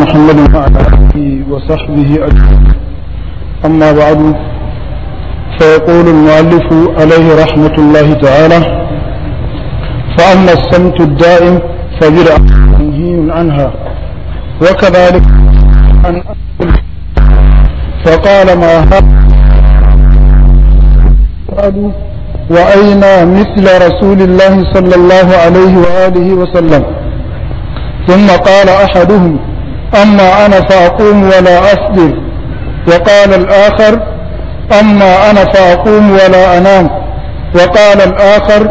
محمد وعلى آله وصحبه أجمعين أما بعد فيقول المؤلف عليه رحمة الله تعالى فأما الصمت الدائم فبرأى منهي عنها وكذلك أن أقول فقال ما هذا وأين مثل رسول الله صلى الله عليه وآله وسلم ثم قال أحدهم أما أنا فأقوم ولا أصبر وقال الآخر أما أنا فأقوم ولا أنام وقال الآخر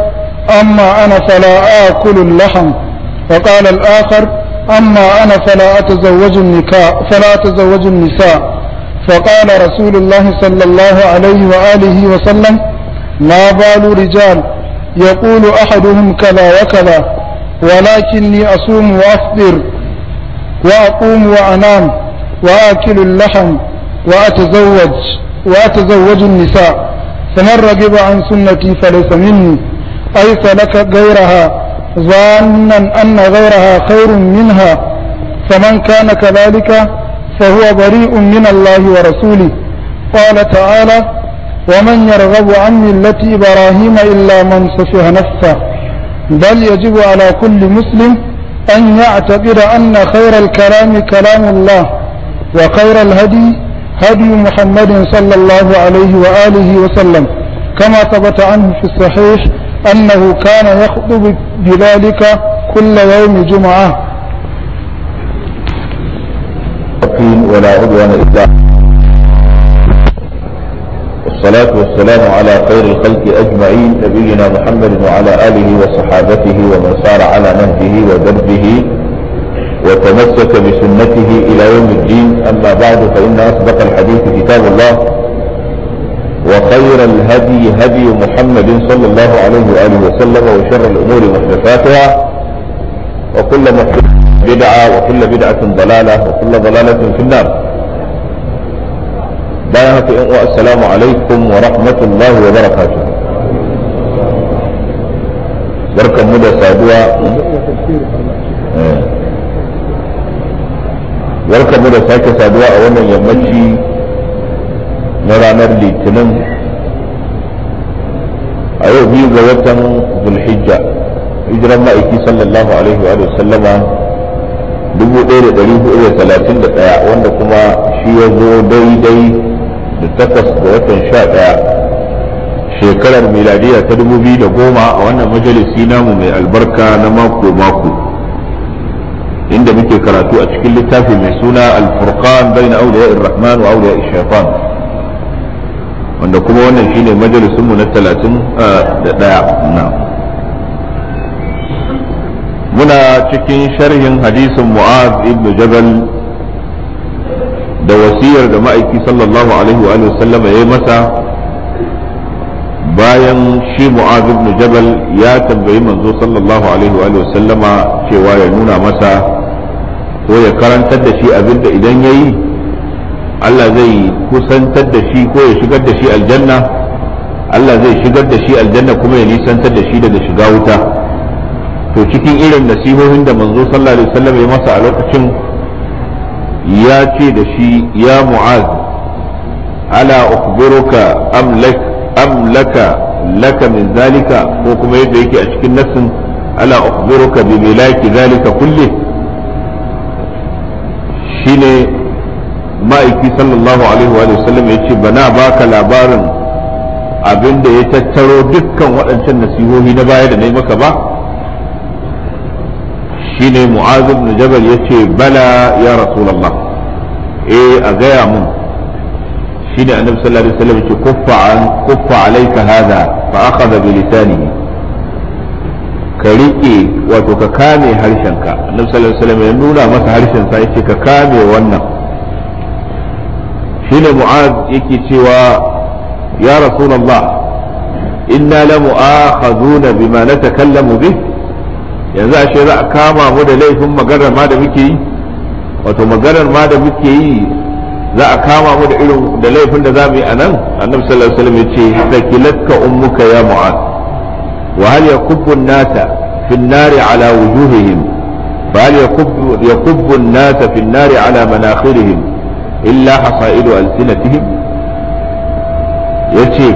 أما أنا فلا آكل اللحم وقال الآخر أما أنا فلا أتزوج النكاء فلا أتزوج النساء فقال رسول الله صلى الله عليه وآله وسلم ما بال رجال يقول أحدهم كذا وكذا ولكني أصوم وأفطر وأقوم وأنام وآكل اللحم وأتزوج وأتزوج النساء فمن رغب عن سنتي فليس مني أي سلك غيرها ظانا أن غيرها خير منها فمن كان كذلك فهو بريء من الله ورسوله قال تعالى ومن يرغب عن ملة إبراهيم إلا من سفه نفسه بل يجب على كل مسلم أن يعتبر أن خير الكلام كلام الله وخير الهدي هدي محمد صلى الله عليه وآله وسلم كما ثبت عنه في الصحيح أنه كان يخطب بذلك كل يوم جمعة ولا عدوان إلا والصلاة والسلام على خير الخلق أجمعين نبينا محمد وعلى آله وصحابته ومن سار على نهجه ودربه وتمسك بسنته إلى يوم الدين أما بعد فإن أصدق الحديث كتاب الله وخير الهدي هدي محمد صلى الله عليه وآله وسلم وشر الأمور محدثاتها وكل محدث بدعة وكل بدعة ضلالة وكل ضلالة في النار bayan haka in uwa assalamu alaikum wa rahmatullahi wa barakatuh barkan mu da saduwa eh. barkan mu da sake saduwa a wannan yammaci na ranar litinin a yau biyu ga watan zulhijja hijiran ma'aiki sallallahu alaihi wa sallama 1431 wanda kuma shi ya zo daidai da takwas ga watan sha ɗaya shekarar miladiya ta dubu biyu da goma a wannan majalisi namu mai albarka na mako mako inda muke karatu a cikin littafi mai suna alfurqan bai na auliya rahman wa auliya shaitan wanda kuma wannan shine majalisinmu na talatin ah, da ɗaya na muna cikin sharhin hadisin mu'az ibn jabal da wasiyar da ma'aiki sallallahu alaihi wa sallama ya yi masa bayan shi mu'az ibn jabal ya tambayi manzo sallallahu alaihi wa sallama cewa ya nuna masa ko ya karantar da shi abin da idan ya yi Allah zai kusantar da shi ko ya shigar da shi aljanna Allah zai shigar da shi aljanna kuma ya nisantar da shi daga shiga wuta to cikin irin nasihohin da manzo sallallahu alaihi wasallam ya masa a lokacin ya ce da shi ya mu'az ala ukhbiruka am am laka laka min zalika ko kuma yadda yake a cikin nassin ala ukhbiruka bi milaki zalika kulli shine ma'aiki sallallahu alaihi wa sallam yace bana baka labarin abin da ya tattaro dukkan waɗancan nasihohi na baya da na maka ba shine mu'az ibn jabal yace bala ya rasulullah eh a gaya mun shine annabi sallallahu alaihi wasallam yace kuffa an kuffa alayka hadha fa akhadha bi lisanihi ka rike wato ka kame harshenka annabi sallallahu alaihi wasallam ya nuna masa harshen sa yace ka kame wannan shine mu'az yake cewa ya rasulullah inna la mu'akhaduna bima natakallamu bihi yanzu ashe za a kama mu da laifin maganar ma da muke yi wato maganar ma da muke yi za a kama mu da irin da laifin da za mu yi a nan annabi sallallahu alaihi wasallam yace takilatka ummuka ya mu'ad wa hal yakubbu nata nasa fi nari ala wujuhihim fa hal yakubbu yakubbu an-nasa fi an-nari ala manakhirihim illa hasaidu alsinatihim yace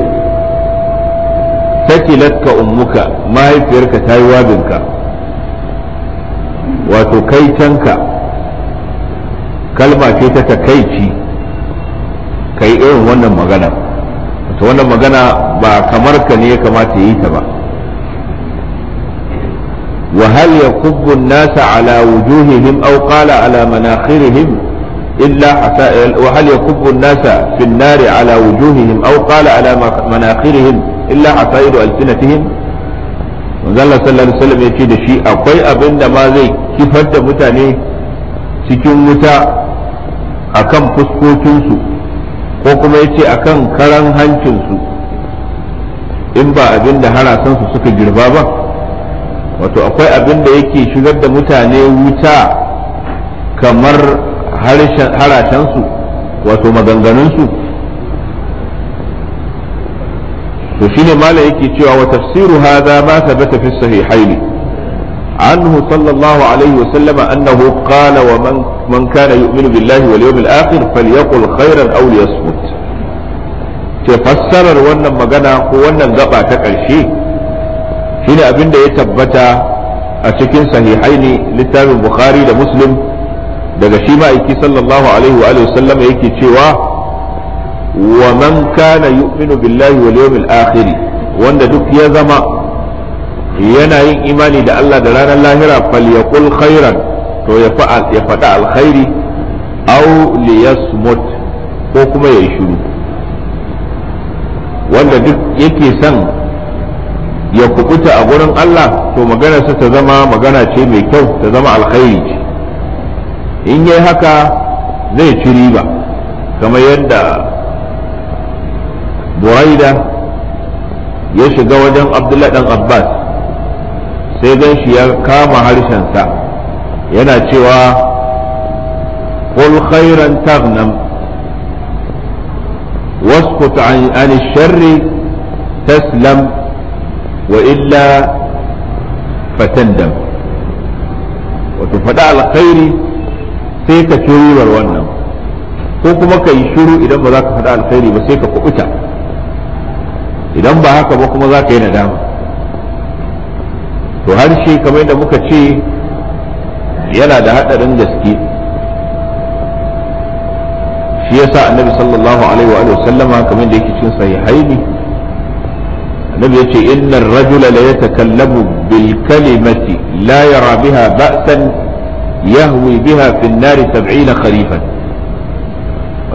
takilatka ummuka mahaifiyarka tayi wabinka wato kai canka kalma ce ta takaici kai irin wannan magana wato wannan magana ba kamar ka ne ya kamata ya yi ta ba wa hal yakubbu nasa ala wujuhihim aw qala ala manakhirihim illa wa hal yakubbu an asaidu al manzala sallallahu alaihi wasallam ya ce da shi akwai abin da ma zai kifar da mutane cikin wuta akan fuskokinsu ko kuma ya ce akan karan hancinsu in ba abin da harasansu suka girba ba wato akwai abin da yake shigar da mutane wuta kamar harashensu wato maganganunsu to shine malam yake cewa wa tafsiru hadha ma thabata fi sahihaini anhu sallallahu alaihi wa sallama annahu qala wa man man kana yu'minu billahi wal yawmil akhir falyaqul khairan aw liyasmut Ke fassarar wannan magana ko wannan gaba ta karshe shine abinda ya tabbata a cikin sahihaini littafin bukhari da muslim daga shi ma'aiki sallallahu alaihi wa sallama yake cewa wa man kana yu'minu billahi wal yawmil wanda duk ya zama yana yin imani da Allah da ranar lahira falyaqul khairan to ya fa'a ya faɗa alkhairi aw liyasmut ko kuma ya shiru wanda duk yake son ya kubuta a gurin Allah to maganarsa ta zama magana ce mai kyau ta zama alkhairi ce in yi haka zai ci riba kamar yadda بريدة يشد وجن عبد الله بن عباس سيدنا شيا كاما هالشان سا ينا شوا قل خيرا تغنم واسقط عن الشر تسلم وإلا فتندم وتفدع الخير سيكا شوي والوانم كوكو مكا يشوري إذا مذاك فدع الخير بسيكا كوكتا idan ba haka ba kuma za ka yi nadama to harshe kamar da muka ce yana da haɗarin gaske shi yasa annabi sallallahu alaihi wa sallama kamar da yake cin sahihaini annabi ya ce innar rajula la yatakallamu bil kalimati la yara biha ba'san yahwi biha fi an-nari 70 kharifan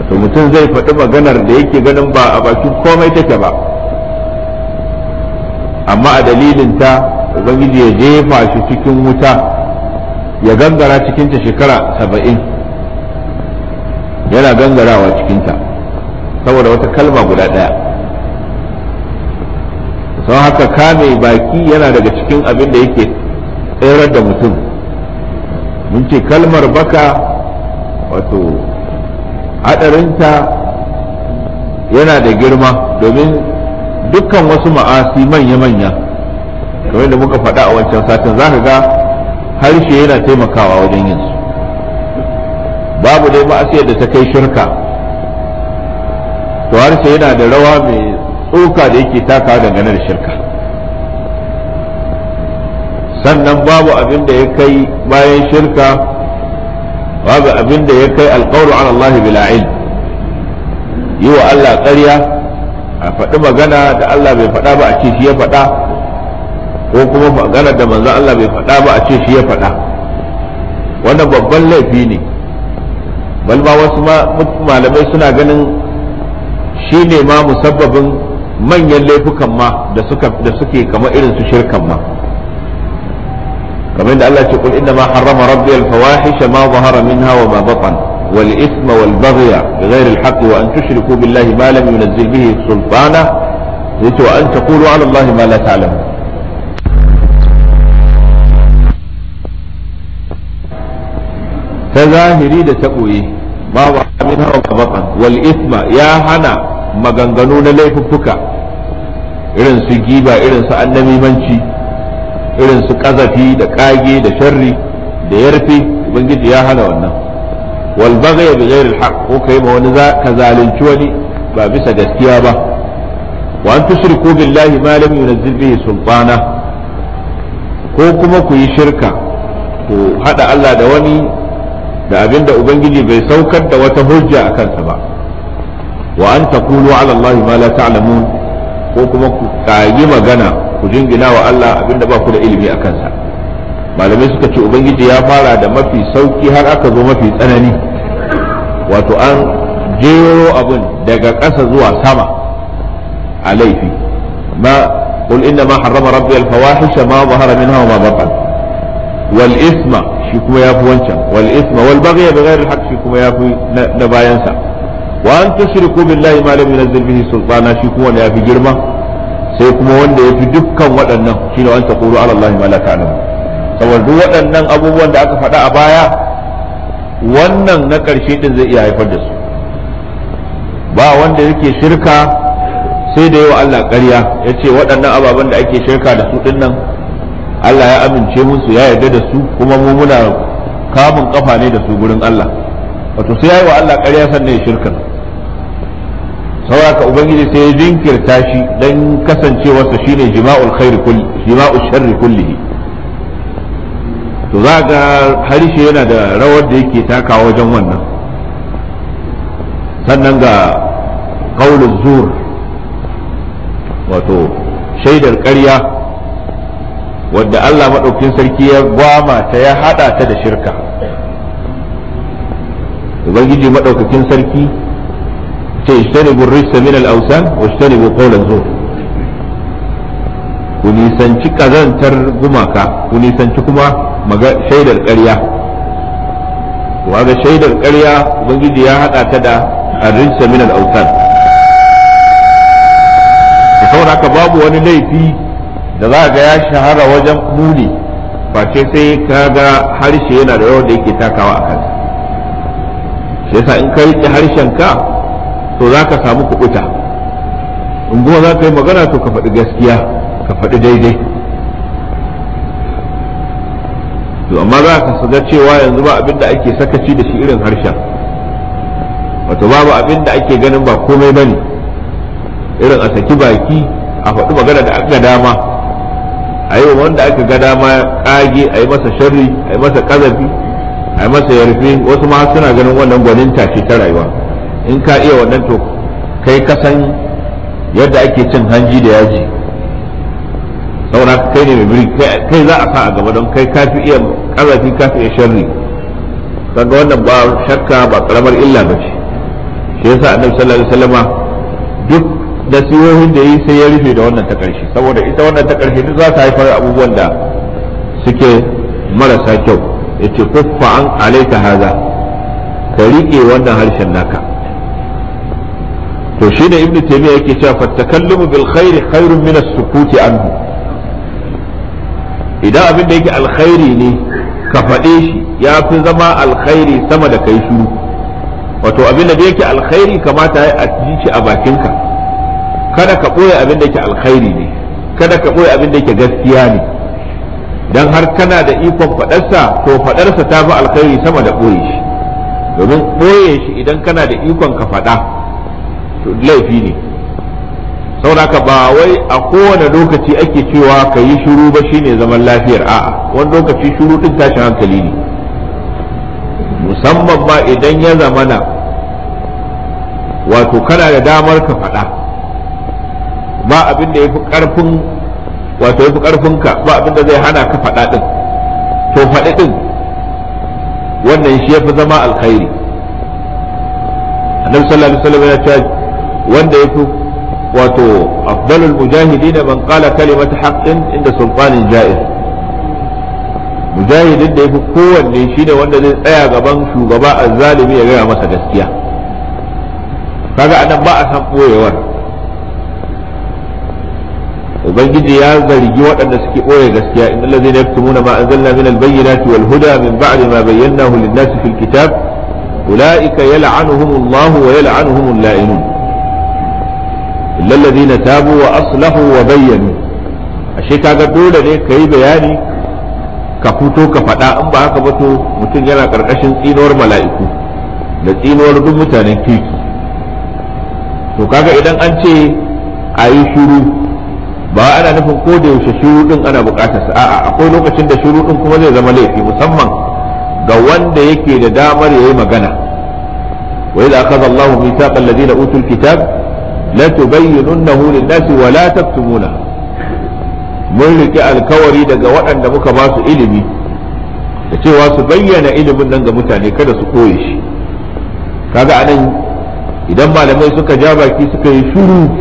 wato mutum zai faɗi maganar da yake ganin ba a bakin komai take ba amma a dalilin ta ubangiji ya jefa shi cikin wuta ya gangara cikinta shekara saba'in yana gangarawa cikinta saboda wata kalma guda ɗaya sau haka kame baki yana daga cikin abin da yake tsirar da mutum mun ce kalmar baka wato haɗarinta yana da girma domin dukkan wasu ma'asi manya-manya kamar da muka faɗa a wancan satin za ka ga harshe yana taimakawa wajen yin su babu dai ma'asiyar da ta kai shirka to harshe yana da rawa mai tsoka da yake taka dangane da shirka sannan babu abin da ya kai bayan shirka babu abin da ya kai alƙawar ala Allah bil'ail yi wa Allah ƙarya a faɗi magana da Allah bai faɗa ba a ce shi ya faɗa ko kuma magana da manzo Allah bai faɗa ba a ce shi ya faɗa wannan babban laifi ne balma wasu malamai suna ganin shi ne ma musabbabin manyan laifukan ma da suke kama irin su shirkan ma kamar da Allah ce kul inna ma harrama rabbi al-fawahisha ma zahara minha wa ma batana والإثم والبغي بغير الحق وأن تشركوا بالله ما لم ينزل به سلطانا وأن تقولوا على الله ما لا تعلمون تظاهري da ta ɓoye wa amin hawa baƙan wal isma ya hana maganganu na laifuffuka irin su giba irin su annabimanci irin su ƙazafi da ƙage da sharri da yarfe ubangiji ya hana wannan wal baghy bi ghairi al haqq ko kai ma wani ka zalunci wani ba bisa gaskiya ba wa an tushriku billahi ma lam yunzil bihi sultana ko kuma ku yi shirka ku haɗa Allah da wani da abinda ubangiji bai saukar da wata hujja a kansa ba wa an taqulu ala Allah ko kuma ku kayi magana ku jingina wa Allah abinda ba ku da ilimi a kansa malamai suka ce ubangiji ya fara da mafi sauki har aka zo mafi tsanani wato an jero abin daga ƙasa zuwa sama a laifi ma قل إنما حرم ربي الفواحش ما ظهر منها وما بطن والإثم شكو يافو وانشا والإثم والبغي بغير الحق شكو يافو نباينسا وأن تشركوا بالله ما لم ينزل به سلطانا شكو يافي جرمه sai kuma wanda ya fi dukkan waɗannan shine an taqulu ala allahi ma saboda duk waɗannan abubuwan da aka faɗa a baya wannan na ƙarshe ɗin zai iya haifar da su ba wanda yake shirka sai da yi wa Allah ƙarya ya ce waɗannan ababen da ake shirka da su ɗin nan Allah ya amince musu ya yarda da su kuma mu muna kamun kafa ne da su gurin Allah wato sai ya yi wa Allah ƙarya sannan ya shirka sauraka ubangiji sai ya jinkirta shi don kasancewarsa shine jima'ul khairi kulli jima'ul sharri kullihi to za ga harshe yana da rawar da yake taka wajen wannan sannan ga kaulin zur wato shaidar ƙarya wadda Allah maɗaukin sarki ya gwama ta ya haɗa ta da shirka ubangiji maɗaukakin sarki ce ishtanibu rissa min al-awsan wa ishtanibu qawlan zur ku nisanci kazantar gumaka ku nisanci kuma Maga shaidar ƙarya ga shaidar ƙarya ubangiji ya haɗa ta da arrinsa min al'autar da saboda haka babu wani laifi da za ga ya shahara wajen muni ce sai ka ga harshe yana da yawan da yake takawa a kansa shi yasa in ka riƙe harshen ka to za ka samu kuɓuta in kuma za ka yi magana to ka faɗi gaskiya ka faɗi daidai to amma za ka saga cewa yanzu ba abin da ake sakaci da shi irin harshen wato babu abin da ake ganin ba komai ba ne irin a saki baki a faɗi magana da aka dama a yi wanda aka ga dama ƙage a yi masa sharri a yi masa ƙazafi a yi masa yarfi wasu ma suna ganin wannan gwanin ce ta rayuwa in ka iya wannan to kai ka san yadda ake cin hanji da yaji saura kai ne mai biri kai za a sa a gaba don kai ka iya kazafi kafin ya sharri kaga wannan ba shakka ba karamar illa ba ce shi yasa annabi sallallahu alaihi wasallama duk nasihohin da yi sai ya rufe da wannan ta karshe saboda ita wannan ta karshe duk za ta haifar abubuwan da suke marasa kyau yace kuffa an alaita haza ka rike wannan harshen naka to shi da ibnu taymiya yake cewa fattakallamu bil khairi khairun min as-sukuti anhu idan abin da yake alkhairi ne ka faɗe shi ya fi zama alkhairi sama da kai shiru wato abin da yake alkhairi kamata a ji shi a bakinka kada ka ɓoye abin da yake alkhairi ne kada ka ɓoye abin da yake gaskiya ne dan har kana da ikon faɗarsa to faɗarsa ta fi alkhairi sama da ɓoye shi domin ɓoye shi idan kana da ikon ka faɗa to laifi ne saboda ba wai a kowane lokaci ake cewa ka yi shiru ba shine zaman lafiyar a'a wani lokaci shiru din tashin hankali ne musamman ba idan ya zamana wato kana da damar ka faɗa ba abin da ya fi ƙarfin wato ya fi ƙarfinka ba abin da zai hana ka faɗa ɗin to faɗi ɗin wannan shi ya fi zama alkhairi annabi sallallahu alaihi wasallam ya ce wanda ya fi wato afdalul mujahidina man qala kalimata haqqin inda sultanin ja'ir mujahidin da yafi kowanne shine wanda zai tsaya gaban shugaba azzalimi ya gaya masa gaskiya kaga anan ba a san boyewar ubangiji ya zargi waɗanda suke ɓoye gaskiya innal ladzina yaktumuna ma anzalna min al-bayyinati wal huda min ba'di ma bayyana lin-nasi fil kitab ulaika yal'anuhumullahu wa yal'anuhumul la'inun illal ladina tabu wa aslahu wa bayyanu ashe kaga dole ne ka yi bayani ka fito ka faɗa in ba haka ba to mutum yana karkashin tsinuwar mala'iku da tsinuwar duk mutanen kirki to kaga idan an ce a yi shiru ba ana nufin ko da yaushe shiru ɗin ana bukatar sa a'a akwai lokacin da shiru ɗin kuma zai zama laifi musamman ga wanda yake da damar ya yi magana wa idza zallahu mita mithaqa alladhina utul kitab la tubayyinunnahu lin-nasi wa la taktumuna mun rike alkawari daga waɗanda muka ba su ilimi da cewa su bayyana ilimin nan ga mutane kada su koye shi kaga anan idan malamai suka ja baki suka yi shuru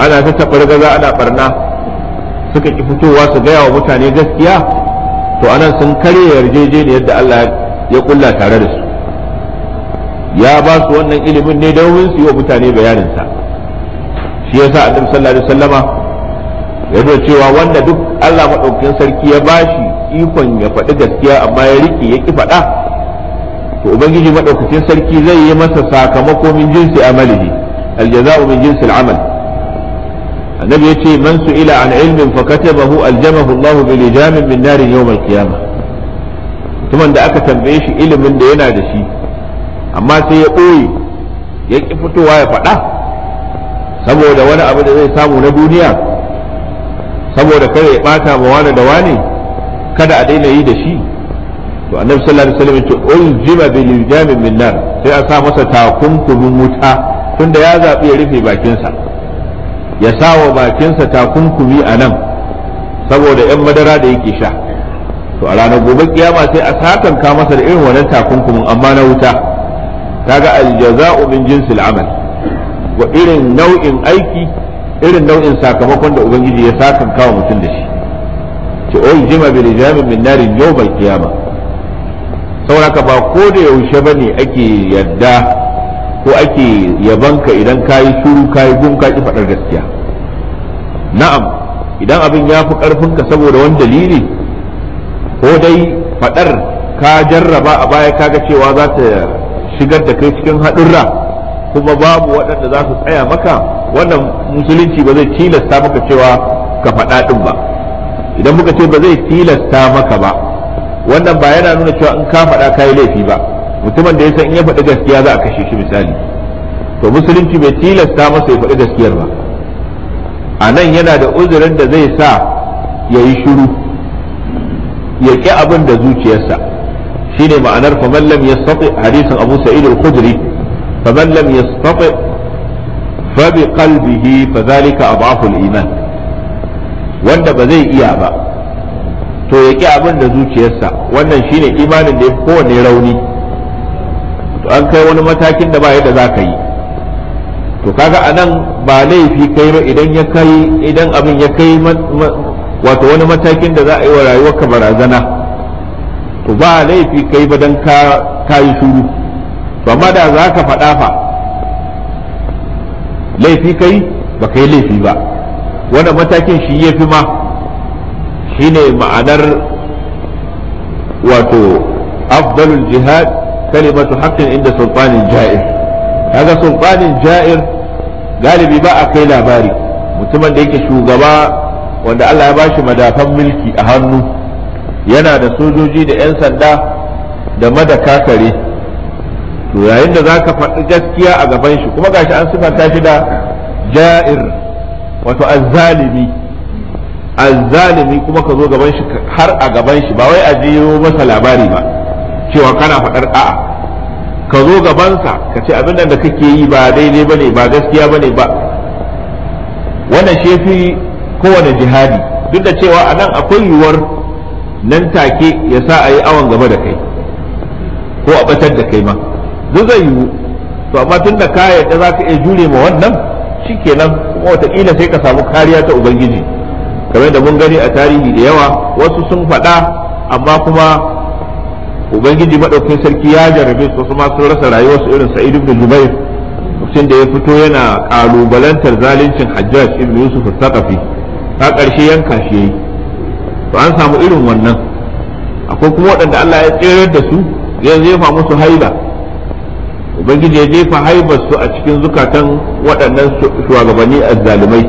ana ta gaza ana barna suka ki fitowa su gaya wa mutane gaskiya to anan sun karya yarjejeniyar da Allah ya kulla tare da su ya ba su wannan ilimin ne don su yi wa mutane bayaninsa shi yasa annabi sallallahu alaihi wasallama ya zo cewa wanda duk Allah madaukakin sarki ya bashi ikon ya faɗi gaskiya amma ya rike ya ki faɗa to ubangiji madaukakin sarki zai yi masa sakamako min jinsi amalihi aljaza'u min jinsi al'amal annabi ya ce man su'ila an ilmin fa katabahu aljamahu Allah bi lijamin min narin yawm al-qiyamah mutumin da aka tambaye shi ilimin da yana da shi amma sai ya ɓoye ya ki fitowa ya faɗa saboda wani abu da zai samu na duniya saboda kada ya bata ma wani da wani kada a daina yi da shi to annabi sallallahu alaihi wasallam ya ce ulzima bil jamin min nar sai a sa masa takunkumin wuta tunda ya zabi ya rufe bakinsa ya sa wa bakinsa takunkumi a nan saboda yan madara da yake sha to a ranar gobe kiyama sai a ka masa da irin wannan takunkumin amma na wuta kaga aljaza'u min jinsil amal wa irin nau'in aiki irin nau'in sakamakon da ubangiji ya sakan kawo mutum da shi ce oi jima bil jamin min narin yawmal qiyama sauraka ba ko da yaushe ba bane ake yadda ko ake ka idan kayi shuru kayi gun ka ki fadar gaskiya na'am idan abin ya fi karfin ka saboda wani dalili ko dai faɗar ka jarraba a baya kaga cewa za ta shigar da kai cikin haɗurra kuma babu waɗanda za su tsaya maka wannan musulunci ba zai tilasta maka cewa ka faɗa ɗin ba idan muka ce ba zai tilasta maka ba wannan ba yana nuna cewa in ka faɗa ka yi laifi ba mutumin da ya san in ya faɗi gaskiya za a kashe shi misali to musulunci bai tilasta masa ya faɗi gaskiyar ba a nan yana da uzurin da zai sa ya yi shiru ya ƙi abin da zuciyarsa shine ma'anar famallam ya sati hadisin abu sa'id al-khudri faman lam yastati fa bi qalbihi fa iman wanda ba zai iya ba to ya ki abin da zuciyarsa wannan shine imanin da ya kowanne rauni to an kai wani matakin da ba yadda za ka yi to kaga anan ba laifi kai ba idan abin ya kai wato wani matakin da za a yi wa rayuwarka barazana to ba laifi kai ba dan ka yi shuru to amma da za ka faɗa fa laifi kai ba kai laifi ba wannan matakin shi ya fi ma shine ma'anar wato afdalul jihad kalimatu haqqin inda sultanin ja'ir kaga sultanin ja'ir galibi ba a kai labari mutumin da yake shugaba wanda Allah ya bashi madafan mulki a hannu yana da sojoji da 'yan sanda da madaka kare to yayin da za ka faɗi gaskiya a gaban shi kuma gashi an sifanta shi da ja'ir wato azzalimi azzalimi kuma ka zo gaban shi har a gaban shi ba wai a jiyo masa labari ba cewa kana faɗar a'a ka zo gabansa ka ce abin da kake yi ba daidai bane ba gaskiya bane ba wannan shefi kowane jihadi duk da cewa a nan akwai yiwuwar nan take ya sa a yi awon gaba da kai ko a batar da kai ma duk zai yiwu to amma tun da ka yarda za ka iya jure ma wannan shi shikenan kuma wataƙila sai ka samu kariya ta ubangiji kamar da mun gani a tarihi da yawa wasu sun faɗa amma kuma ubangiji maɗaukin sarki ya jarabe su wasu ma sun rasa rayuwarsu irin sa'id ibn jubair mutum da ya fito yana ƙalubalantar zaluncin hajjaj ibn yusuf al-thaqafi ta ƙarshe yanka shi yayi to an samu irin wannan akwai kuma waɗanda Allah ya tsere da su ya zefa musu haila ubangiji ya jefa haibar su a cikin zukatan waɗannan shugabanni a zalumai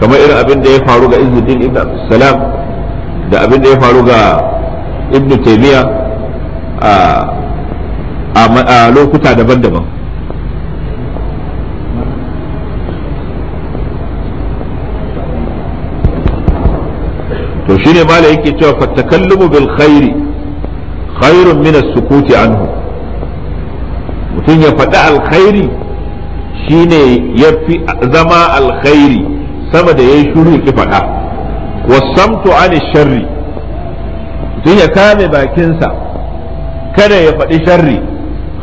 kamar irin abin da ya faru ga izudin ibn salam da abin da ya faru ga ibn taimiya a lokuta daban-daban to shine mala yake cewa fatakallumu bil khairi khairun min as-sukuti anhu mutum ya faɗi alkhairi shine ya fi zama alkhairi sama da ya yi shuru ki faɗa wasamtu an sharri mutum ya kame bakinsa kada ya faɗi sharri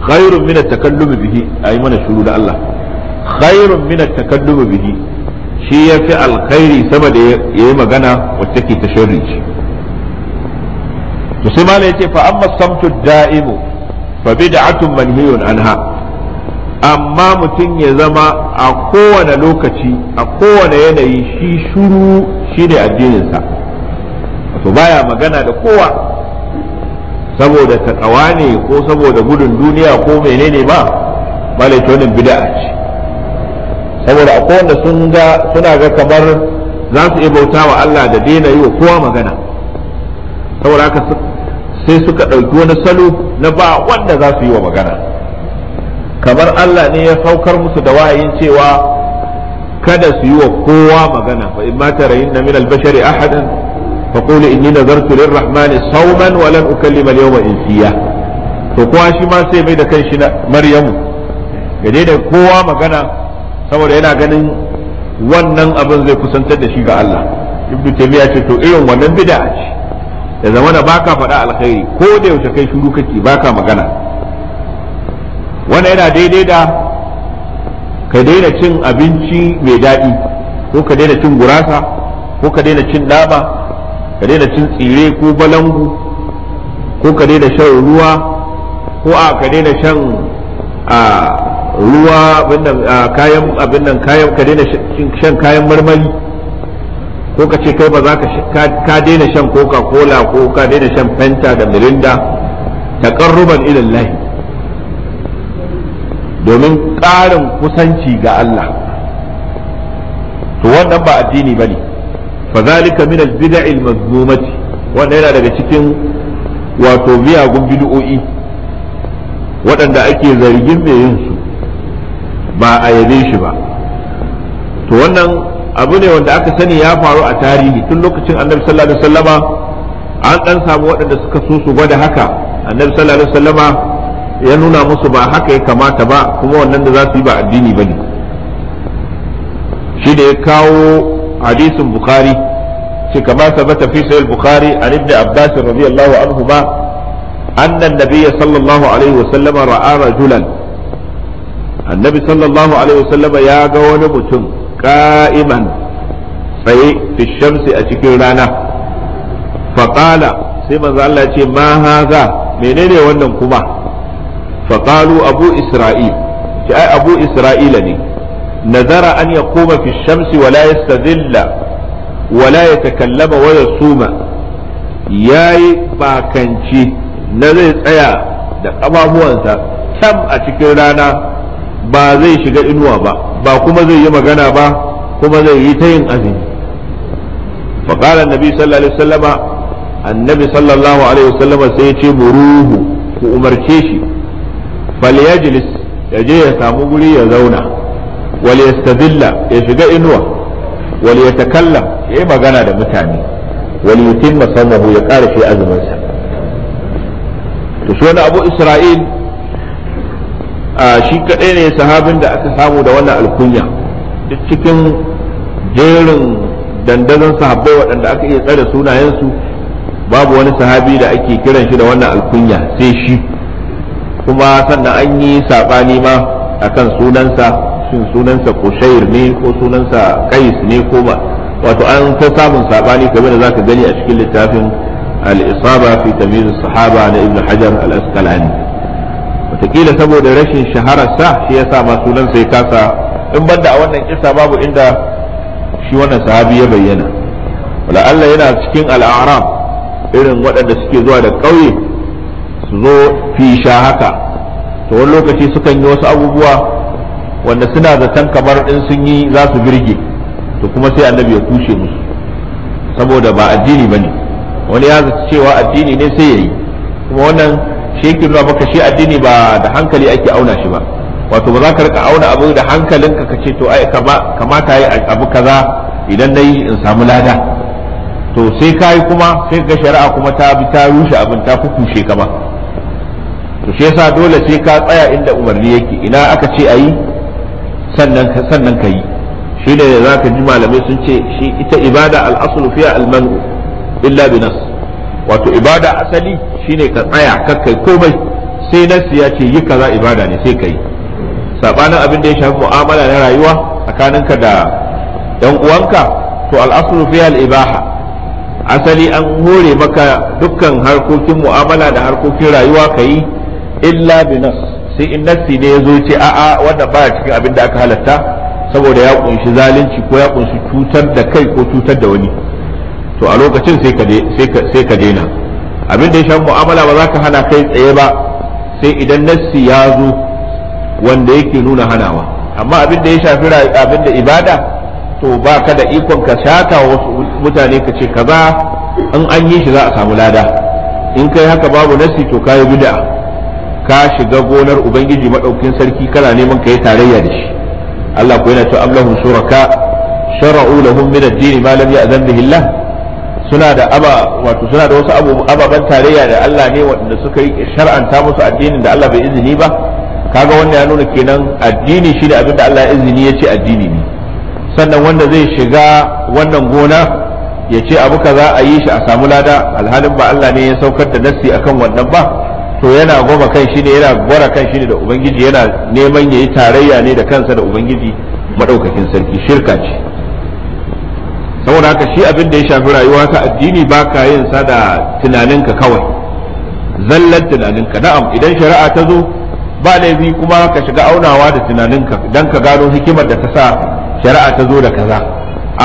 khairun min takallumi bihi ayi mana shuru da Allah khairun min takallumi bihi shi ya fi alkhairi sama da ya yi magana wacce ke ta sharri ce to sai ya ce fa amma samtu da'imu fa bid'atun manhiyun anha amma mutum ya zama a kowane lokaci a kowane yanayi shi shuru shi ne addininsa to baya magana da kowa saboda takawa ne ko saboda gudun duniya ko menene ba malaita wannan bid'a ce saboda a kowanne sun ga suna ga kamar za su iya bauta wa Allah da daina yi wa kowa magana saboda haka sai suka ɗauki wani salo na ba wanda za su yi wa magana kamar Allah ne ya saukar musu da wahayin cewa kada su yi wa kowa magana fa in ma tarayin na min bashari ahadan fa qul inni nazartu lir-rahmani sawman wa lan ukallima al-yawma insiya to kowa shi ma sai mai da kanshi na Maryamu Gade da kowa magana saboda yana ganin wannan abin zai kusantar da shi ga Allah ibnu taymiya ce to irin wannan bid'a ce ya zama da baka faɗa alkhairi ko da yaushe kai shiru kake baka magana wannan yana daidai da ka daina cin abinci mai daɗi ko ka daina cin gurasa ko ka daina cin daba, ka daina cin tsire ko balangu ko ka daina shan ruwa ko a ka daina shan ruwa abin nan ka daina shan kayan marmari ko ka ce kai ba za ka daina shan coca cola ko ka daina shan fanta da mirinda ta ila Allah domin ƙarin kusanci ga Allah to wannan ba addini bane fa zalika min albid'i almazmumati wanda yana daga cikin wato miyagun bid'o'i waɗanda ake zargin mai su ba a yabe shi ba to wannan abu ne wanda aka sani ya faru a tarihi tun lokacin annabi sallallahu alaihi wasallama an dan samu waɗanda suka so su gwada haka annabi sallallahu alaihi wasallama ya nuna musu ba haka ya kamata ba kuma wannan da za su yi ba addini bane shi da ya kawo hadisin bukhari shi kama sabata fi sahih bukhari an ibn abbas radiyallahu anhu ba أن النبي صلى الله عليه وسلم رأى annabi sallallahu alaihi الله عليه وسلم يا جوان متم qa'iman tsaye fi a cikin rana faqala sai manzo Allah ce ma menene wannan kuma faqalu abu isra'il ce ai abu isra'ila ne nazara an yaquma fi shamsi wa la yastadilla wa la yatakallama wa yasuma yayi bakanci na zai tsaya da ƙafafuwansa can a cikin rana ba zai shiga inuwa ba ba kuma zai yi magana ba kuma zai yi ta yin azumi faƙala nabi sallallahu alaihi annabi sallallahu alaihi wasallama sai ya ce muruhu ku umarce shi bal yajlis ya je ya samu guri ya zauna wal yastadilla ya shiga inuwa wal yatakallam ya yi magana da mutane wal yutimma sallahu ya karfe azumin sa to wani abu isra'il shi kaɗai ne sahabin da aka samu da wannan alkunya duk cikin jerin dandazon sahabbai waɗanda aka iya tsare sunayensu babu wani sahabi da ake kiran shi da wannan alkunya sai shi kuma sannan an yi saɓani ma akan sunansa shin sunansa kushair ne ko sunansa kais ne ko ba wato an ta samun saɓani kamar da zaka gani a cikin littafin al fi tamyiz sahaba na ibn hajar al-asqalani wataƙila saboda rashin shahararsa shi ya sa masu nan sai kasa in banda a wannan kisa babu inda shi wannan sahabi ya bayyana wala Allah yana cikin al'aram irin waɗanda suke zuwa da ƙauye su zo fisha haka to wani lokaci sukan yi wasu abubuwa wanda suna zaton kamar in sun yi za su birge to kuma sai annabi ya kushe musu saboda ba addini bane wani ya zata cewa addini ne sai yayi kuma wannan shi yake nuna maka shi addini ba da hankali ake auna shi ba wato ba za ka rika auna abu da hankalin ka ce to ai kamata yi abu kaza idan na yi in samu lada to sai ka yi kuma sai ga shari'a kuma ta bi ta rushe abin ta kukushe kama to shi yasa dole sai ka tsaya inda umarni yake ina aka ce a yi sannan ka yi shi ne za ka ji malamai sun ce shi ita ibada al'asulu fiya al-man'u illa bi nas wato ibada asali shine ka tsaya kakkai komai sai nasi ya ce yi kaza ibada ne sai kai sabanin abin da ya shafi mu'amala na rayuwa tsakaninka da dan uwanka to al'aslu fi al-ibaha asali an hore maka dukkan harkokin mu'amala da harkokin rayuwa ka yi illa bi sai in nasi ne ya zo ce a'a wannan baya cikin abin da aka halatta saboda ya kunshi zalunci ko ya kunshi cutar da kai ko cutar da wani to a lokacin sai ka daina abin da ya shan mu'amala ba za ka hana kai tsaye ba sai idan nassi ya zo wanda yake nuna hanawa amma abin da ya shafi abin da ibada to ba ka da ikon ka shakawa wasu mutane ka ce ba in an yi shi za a samu lada in kai haka babu nassi to ka yi bid'a ka shiga gonar ubangiji maɗaukin sarki kana neman ka yi tarayya da shi Allah ko yana cewa amlahum shuraka shara'u lahum min ad-din ma lam ya'zan bihi Allah suna da aba wato suna da wasu ababen tarayya da Allah ne waɗanda suka yi shar'anta musu addinin da Allah bai izini ba kaga wannan ya nuna kenan addini shi da abin da Allah ya izini ya ce addini ne sannan wanda zai shiga wannan gona ya ce abu kaza a yi shi a samu lada alhalin ba Allah ne ya saukar da nassi akan wannan ba to yana goma kan shi ne yana gwara kan shi ne da ubangiji yana neman ya yi tarayya ne da kansa da ubangiji madaukakin sarki shirka ce saboda haka shi abin da ya shafi rayuwa ta addini ba ka yin sa da tunaninka kawai zallar tunaninka na'am idan shari'a ta zo ba laifi kuma ka shiga aunawa da tunaninka dan ka gano hikimar da ta sa shari'a ta zo da kaza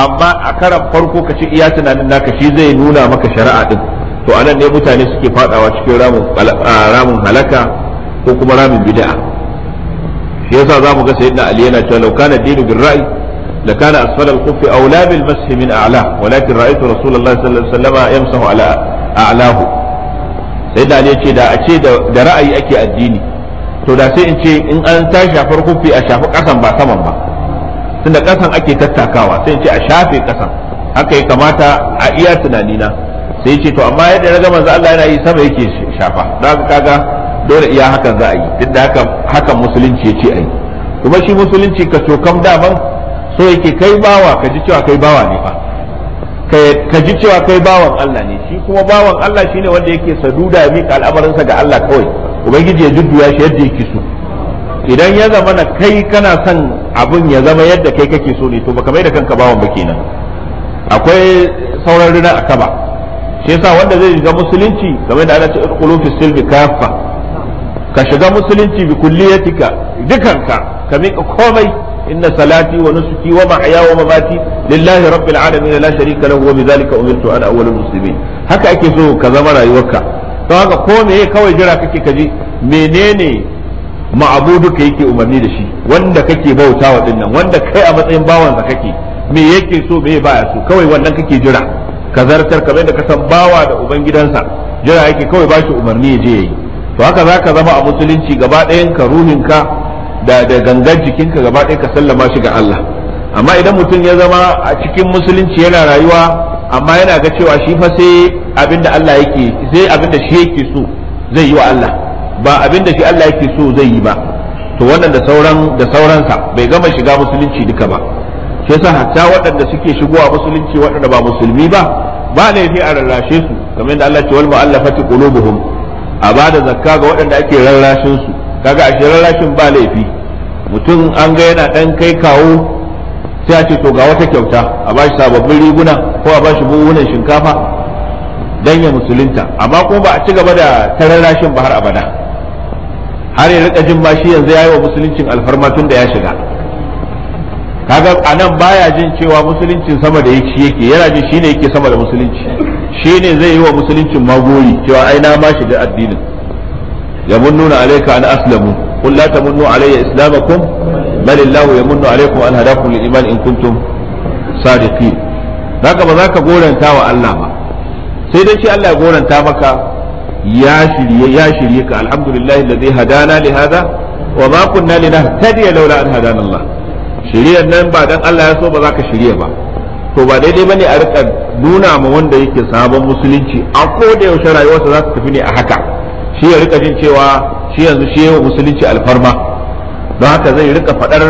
amma a karan farko ka ci iya tunanin naka shi zai nuna maka shari'a din to anan ne mutane suke fadawa cikin ramin ramin halaka ko kuma ramin bid'a shi yasa zamu ga sayyidina ali yana cewa law kana dinu bil ra'i لكان أسفل الخف أولى بالمسح من أعلاه ولكن رأيت رسول الله صلى الله عليه وسلم يمسح على أعلاه sai da ne ce da a ce da ra'ayi ake addini to da sai in ce in an ta shafar kufi a shafi kasan ba saman ba tunda kasan ake tattakawa sai in ce a shafe kasan haka ya kamata a iya tunanina sai ce to amma yadda na manzo Allah yana yi sama yake shafa don haka kaga dole iya hakan za a yi duk da haka hakan musulunci ya ce a yi kuma shi musulunci ka cokam daman so yake kai bawa ka ji cewa kai bawa ne fa ka ji cewa kai bawan Allah ne shi kuma bawan Allah shine wanda yake saduda ya mika al'amarinsa ga Allah kawai ubangiji ya judduya shi yadda yake so idan ya zama na kai kana son abun ya zama yadda kai kake so ne to baka mai da kanka bawan ba kenan akwai sauran rina a kaba shi yasa wanda zai shiga musulunci game da ana ce fi silmi kafa ka shiga musulunci bi kulliyatika dukanka ka mika komai inna salati wani nusuki wa mahaya wa mamati lillahi rabbil alamin la sharika lahu wa bidhalika umirtu ana awwalul musulmi. haka ake so ka zama rayuwarka don haka ko me kawai jira kake kaji menene ma'abuduka yake umarni da shi wanda kake bautawa dinnan wanda kai a matsayin bawansa kake me yake so me baya so kawai wannan kake jira ka zartar kamar da ka san bawa da ubangidansa jira yake kawai bashi umarni ya je yayi to haka zaka zama a musulunci gaba ɗayan ka ruhin ka? da da gangan jikinka gaba ɗaya ka sallama shi ga Allah amma idan mutum ya zama a cikin musulunci yana rayuwa amma yana ga cewa shi fa sai abinda Allah yake sai abinda shi yake so zai yi wa Allah ba abinda shi Allah yake so zai yi ba to wannan da sauran da sauransa bai gama shiga musulunci duka ba sai sa hatta waɗanda suke shigowa musulunci waɗanda ba musulmi ba ba sai a rarrashe su kamar yadda Allah ce wal mu'allafati qulubuhum a bada zakka ga waɗanda ake rarrashin su kaga ashe rarrashin ba laifi mutum an ga yana dan kai kawo sai a ce to ga wata kyauta a ba shi sababbin riguna ko a ba shi buhunan shinkafa dan ya musulunta amma kuma ba a ci gaba da tararrashin ba har abada har ya rika jin ba shi yanzu yayi wa musuluncin alfarma tun da ya shiga kaga anan baya jin cewa musuluncin sama da yake yake yana jin shine yake sama da musulunci shine zai yi wa musuluncin magori cewa ai na ma shiga addinin yamunnuna alayka an aslamu qul la tamunnu alayya islamakum bal illahu yamunnu alaykum an hadakum lil iman in kuntum sadiqin haka ba za ka goranta wa Allah ba sai dai shi Allah ya goranta maka ya shirye ya shirye ka alhamdulillah alladhi hadana li hada wa ma kunna linahtadiya laula an hadana Allah nan ba dan Allah ya so ba za ka shirya ba to ba daidai bane a rika nuna ma wanda yake sabon musulunci a ko da yaushe rayuwarsa za su tafi ne a haka shi ya rika jin cewa shi yanzu shi yawa musulunci alfarma don haka zai rika fadar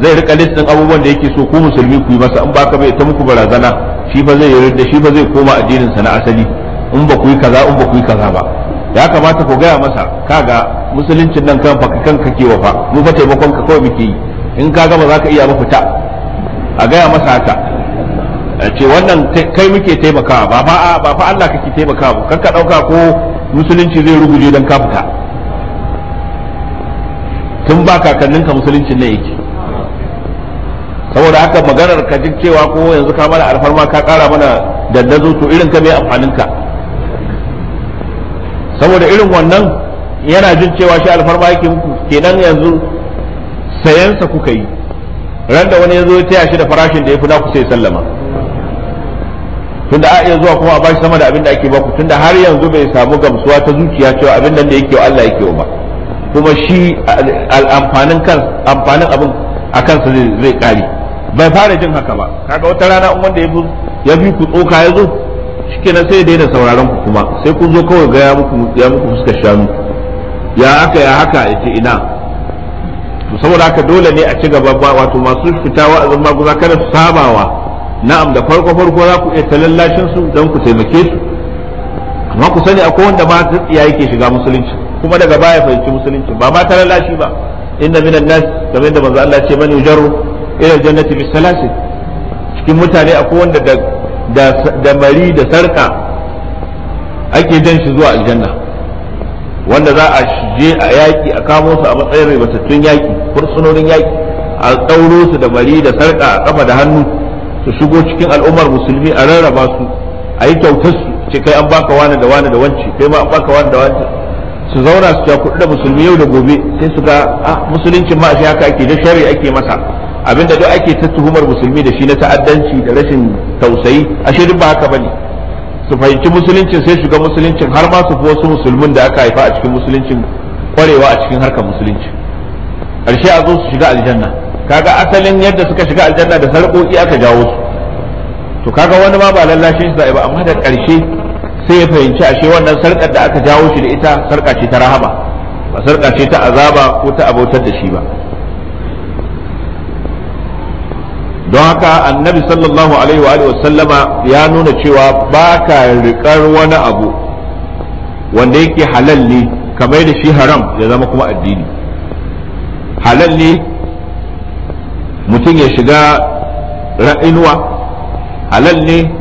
zai rika listin abubuwan da yake so ku musulmi ku yi masa in ba ka bai ta muku barazana shi ba zai yarda shi ba zai koma addinin sa na asali in ba ku yi kaza in ba ku yi kaza ba ya kamata ku gaya masa kaga musuluncin nan kan faka ke wafa mu fa taimakon ka kawai muke yi in ka gama za ka iya ba fita a gaya masa haka ce wannan kai muke taimakawa ba ba ba fa Allah kake taimakawa ba kanka dauka ko musulunci zai ruguje dan ka fita tun ba kakannin ka musulunci ne yake saboda haka maganar ka jin cewa ko yanzu ka mana alfarma ka kara mana daddazo to irin ka mai amfanin ka saboda irin wannan yana jin cewa shi alfarma yake muku kenan yanzu sayansa kuka yi ran da wani ya zo ya taya shi da farashin da ya fi na ku sai sallama tunda a iya zuwa kuma a bashi sama da abin da ake baku tunda har yanzu bai samu gamsuwa ta zuciya cewa abin nan da yake wa Allah yake ba kuma shi amfanin kan amfanin abin a kansa zai kare bai fara jin haka ba kaga wata rana in wanda ya fi ku tsoka ya zo shikenan sai daina sauraron ku kuma sai kun zo kawai ga ya muku ya muku fuskar shanu ya haka ya haka yace ina saboda haka dole ne a ci gaba wato masu fitawa azumma guza kada su sabawa na'am da farko farko za ku iya talallashin su don ku taimake su amma ku sani akwai wanda ba ta tsiya yake shiga musulunci kuma daga baya fahimci musulunci ba ma talallashi ba inna minan nas kamar da manzo Allah ce man yujaru ila jannati bis salasi cikin mutane akwai wanda da da mari da sarka ake jan shi zuwa aljanna wanda za a je a yaki a kamo su a matsayin ribatattun yaki fursunonin yaki a tsauro su da mari da sarka a kafa da hannu su shigo cikin al'ummar musulmi a rarraba su a yi kyautar su ce kai an baka wani da wani da wanci kai ma an baka wani da wani su zauna su kuɗi da musulmi yau da gobe sai su ga ah, musuluncin ma shi haka ake da shari ake masa abinda duk ake ta tuhumar musulmi da shi na ta'addanci da rashin tausayi ashe duk ba haka bane su fahimci musuluncin sai shiga musuluncin har ma su fi wasu musulmin da aka haifa a cikin musuluncin kwarewa a cikin harkar musulunci ƙarshe a zo su shiga aljanna kaga asalin yadda suka shiga aljanna da sarƙoƙi aka jawo su to kaga wani ma ba lallashin shi ba amma da ƙarshe sai ya fahimci ashe wannan sarƙar da aka jawo shi da ita sarƙa ce ta rahama ba sarƙa ce ta azaba ko ta abautar da shi ba don haka annabi sallallahu alaihi wa alihi sallama ya nuna cewa ba ka riƙar wani abu wanda yake halal kamar da shi haram ya zama kuma addini halalli. mutum ya shiga ra'inuwa halal ne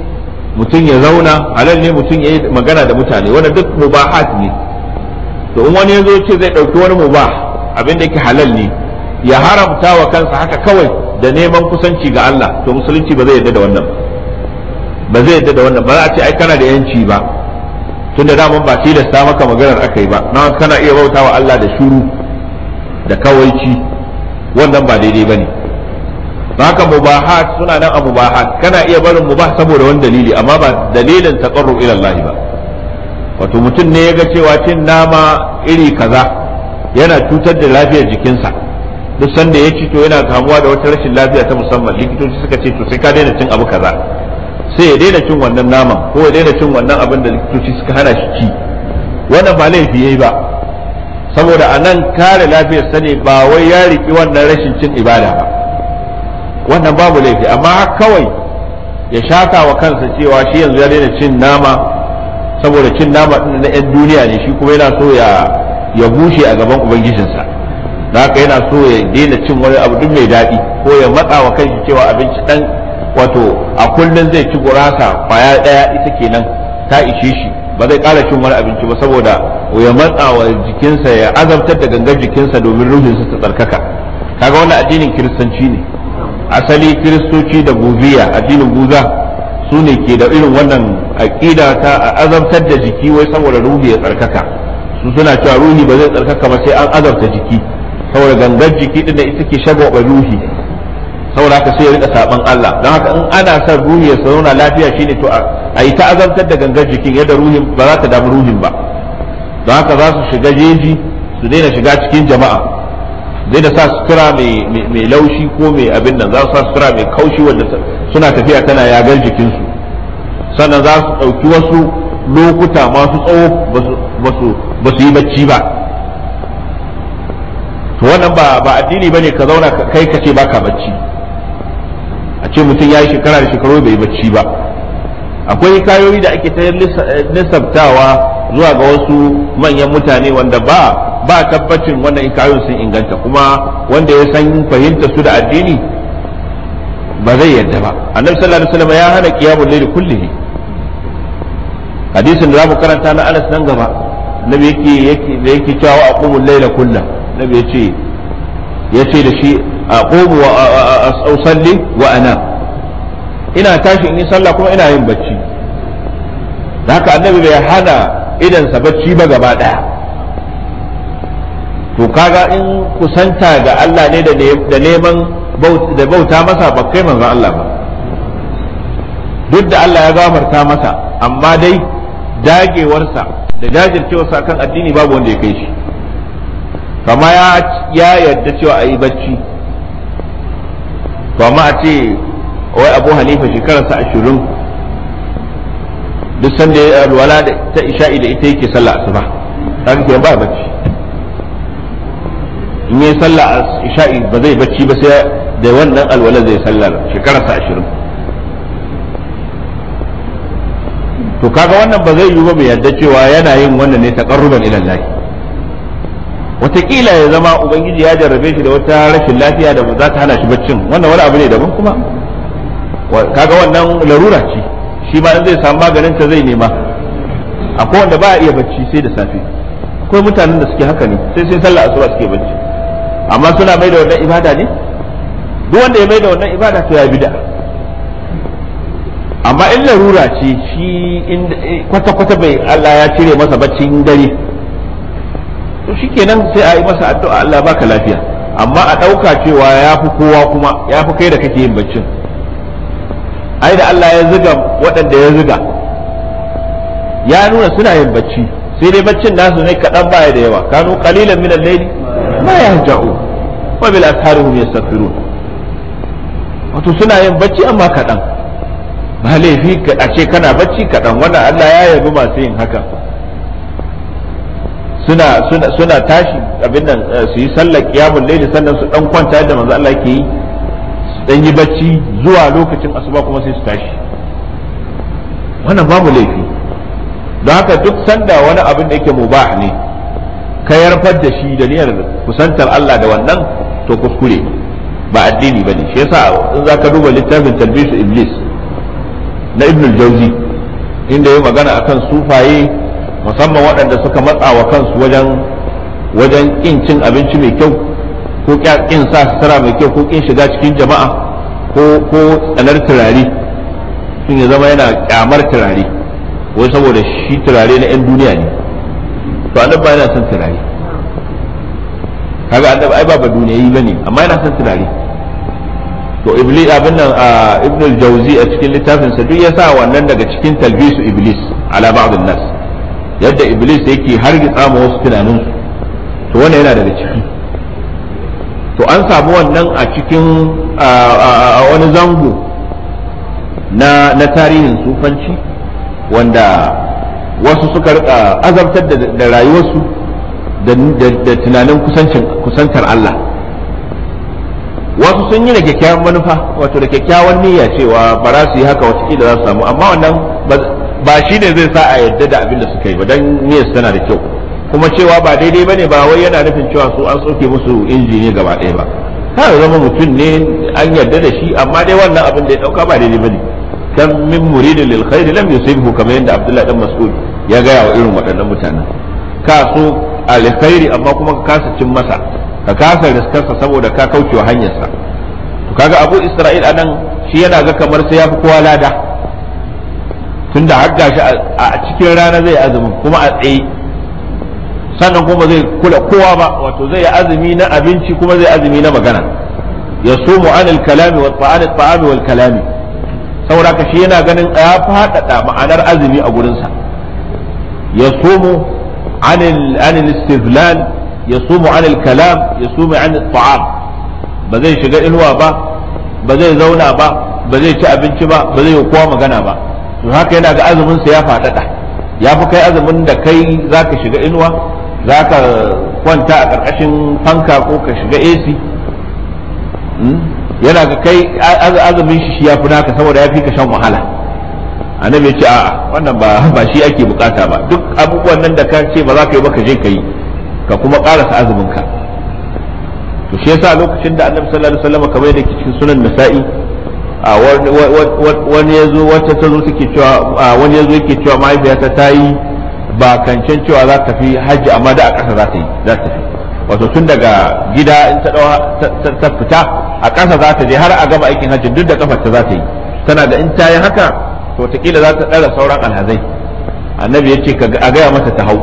mutum ya zauna halal ne mutum ya yi magana da mutane wanda duk mubahat ne to in wani ya zo ce zai ɗauki wani mubah abin da yake halal ne ya haramta wa kansa haka kawai da neman kusanci ga Allah to musulunci ba zai yarda da wannan ba zai yarda da wannan ba za a ce ai kana da yanci ba tunda daman ba tilasta maka maganar aka yi ba na kana iya bautawa Allah da shuru da kawaici wannan ba daidai bane haka mubahat suna nan a mubahat kana iya barin mubah saboda wani dalili amma ba dalilin taqarrub ila Allah ba wato mutum ne ya ga cewa cin nama iri kaza yana cutar da lafiyar jikinsa duk sanda ya ci to yana kamuwa da wata rashin lafiya ta musamman likitoci suka ce to sai ka daina cin abu kaza sai ya daina cin wannan naman ko ya daina cin wannan abin da likitoci suka hana shi ci wannan ba laifi yayi ba saboda anan kare lafiyar sa ne ba wai ya riki wannan rashin cin ibada ba wannan babu laifi amma kawai ya shata wa kansa cewa shi yanzu ya daina cin nama saboda cin nama din na 'yan duniya ne shi kuma yana so ya ya bushe a gaban ubangijinsa da haka yana so ya daina cin wani abu duk mai daɗi ko ya matsa wa kansa cewa abinci dan wato a kullum zai ci gurasa kwaya daya ita kenan ta ishe shi ba zai ƙara cin wani abinci ba saboda ya matsa wa jikinsa ya azabtar da gangar jikinsa domin ruhinsa ta tsarkaka kaga wannan addinin kiristanci ne asali kiristoci da buziya addinin buza su ne ke da irin wannan aƙida ta a azabtar da jiki wai saboda ruhi ya tsarkaka su suna cewa ruhi ba zai tsarkaka ba sai an azabta jiki saboda gangar jiki din da ita ke shagwaba ruhi saboda haka sai ya rika saban Allah don haka in ana son ruhi ya zauna lafiya shine to a yi ta azabtar da gangar jikin yadda ruhin ba za ta damu ruhin ba don haka za su shiga jeji su daina shiga cikin jama'a zai da sa sutura mai laushi ko mai abin nan za su sa sutura mai kaushi wanda suna tafiya tana yagar jikinsu sannan za su ɗauki wasu lokuta masu tsawo ba su yi bacci ba to wannan ba ba addini bane ka zauna kai ka ce baka bacci a ce mutum ya yi shekara da shekaru bai bacci ba akwai kayoyi da ake ta nisabtawa zuwa ga wasu manyan mutane wanda ba ba tabbacin wannan ikayun sun inganta kuma wanda ya san fahimta su da addini ba zai yadda ba annabi sallallahu alaihi wasallam ya hana qiyamul layl kullihi hadisin da zamu karanta na Anas nan gaba nabi yake yake da yake cewa aqumul layla kullah nabi yace yace da shi aqumu wa asalli wa ana ina tashi in yi sallah kuma ina yin bacci da haka annabi bai hana idansa bacci ba gaba daya to kaga in kusanta ga Allah ne da neman da bauta masa ba kai manzo Allah ba duk da Allah ya gafarta masa amma dai dagewarsa da jajircewarsa kan addini babu wanda ya kai shi kama ya yarda cewa a yi bacci kama a ce wai abu halifa shekararsa ashirin duk da ya da ta isha'i da ita yake sallah asuba dan ke ba bacci in yi sallah isha'i ba zai bacci ba sai da wannan alwala zai sallah shekara sa ashirin to kaga wannan ba zai yi ba mai yadda cewa yana yin wannan ne taqarruban ila Allah wataƙila ya zama ubangiji ya jarrabe shi da wata rashin lafiya da za ta hana shi baccin wannan wani abu ne daban kuma kaga wannan larura ce shi ma zai samu maganin ta zai nema akwai wanda ba iya bacci sai da safe akwai mutanen da suke haka ne sai sai sallah asuba suke bacci amma suna mai da wannan ibada ne duk wanda ya mai da wannan ibada to ya bid'a amma in larura ce shi eh, kwata kwata bai Allah ya cire masa baccin dare to shikenan sai a yi masa addu'a Allah baka lafiya amma a ɗauka cewa ya fi kowa kuma ya fi kai da kake yin baccin ai da Allah ya zuga waɗanda ya zuga ya nuna suna yin bacci sai dai baccin nasu ne kaɗan baya da yawa kanu qalilan min al-layli ma yahja'u wa bil asharihum yastaghfirun wato suna yin bacci amma kaɗan ba laifi a ce kana bacci kaɗan wannan Allah ya yabi masu yin haka suna suna suna tashi abin nan eh, su yi sallar qiyamul layli sannan su dan kwanta yadda manzo Allah ke yi dan yi bacci zuwa lokacin asuba kuma sai su tashi wannan babu laifi don haka duk sanda wani abin da yake mubah ne ka yarfar da shi da niyyar kusantar Allah da wannan to kuskure ba addini bane shi yasa in zaka duba littafin talbisu iblis na al-jawzi inda ya magana akan sufaye musamman waɗanda suka matsa wa kansu wajen wajen cin abinci mai kyau ko kin sa sutura mai kyau ko kin shiga cikin jama'a ko ko tsanar turare sun ya zama yana kyamar turare wai saboda shi turare na 'yan duniya ne to annabi ba yana son turare kaga annabi ai ba ba yi bane amma yana son turare to iblis abin nan a ibn al-jawzi a cikin littafin sa duk ya sa wannan daga cikin talbisu iblis ala ba'd nas yadda iblis yake hargitsa ma wasu tunanin su to wannan yana daga ciki to an samu wannan a cikin wani zango na tarihin sufanci wanda wasu suka rika azabtar da rayuwarsu da tunanin kusantar Allah wasu sun yi da kyakkyawan manufa wato da kyakkyawan niyya cewa ba za su yi haka kila za su samu amma wannan ba shi ne zai sa a yadda da abin da suka yi ba don niyyar tana da kyau kuma cewa ba daidai bane ba wai yana nufin cewa su an soke musu injini gaba ɗaya ba kawai zama mutum ne an yarda da shi amma dai wannan abin da ya dauka ba daidai bane kan min muridu lil khair lam yusibhu kamar yadda Abdullahi dan Mas'ud ya gaya wa irin waɗannan mutanen ka so khair amma kuma ka kasa cin masa ka kasa riskarsa saboda ka kaucewa hanyarsa to kaga Abu Isra'il anan shi yana ga kamar sai ya fi kowa lada tunda har gashi a cikin rana zai azumi kuma a tsaye sannan kuma zai kula kowa ba wato zai yi azumi na abinci kuma zai azumi na magana ya sumu anil kalami wa ta'anil ta'ami wal kalami saboda ka shi yana ganin ya faɗaɗa ma'anar azumi a gurinsa ya sumu anil anil istizlal ya sumu anil kalam ya anil ta'am ba zai shiga inuwa ba ba zai zauna ba ba zai ci abinci ba ba zai yi kowa magana ba to haka yana ga azumin sa ya faɗaɗa ya fi kai azumin da kai zaka shiga inuwa za ka kwanta a ƙarƙashin fanka ko ka shiga ac hmm? yana ga kai azumin shi ya fi naka saboda ya fi ka shan wahala annabi ce a'a wannan ba shi ake bukata ba duk abubuwan nan da ka ce ba za ka yi ba ka je ka yi ka kuma karasa azumin ka to shi yasa lokacin da annabi sallallahu alaihi wasallam kamar ke cikin sunan nasa'i a wani yazo wacce ta zo take cewa wani yazo yake cewa mahaifiyata ta yi ba kancan cewa za ta fi hajji amma da a ƙasa za ta yi za ta fi wato tun daga gida in ta ta fita a ƙasa za ta je har a gama aikin hajji duk da kafar ta za ta yi tana da in ta yi haka to wataƙila za ta ɗara sauran alhazai annabi ya ce a gaya masa ta hau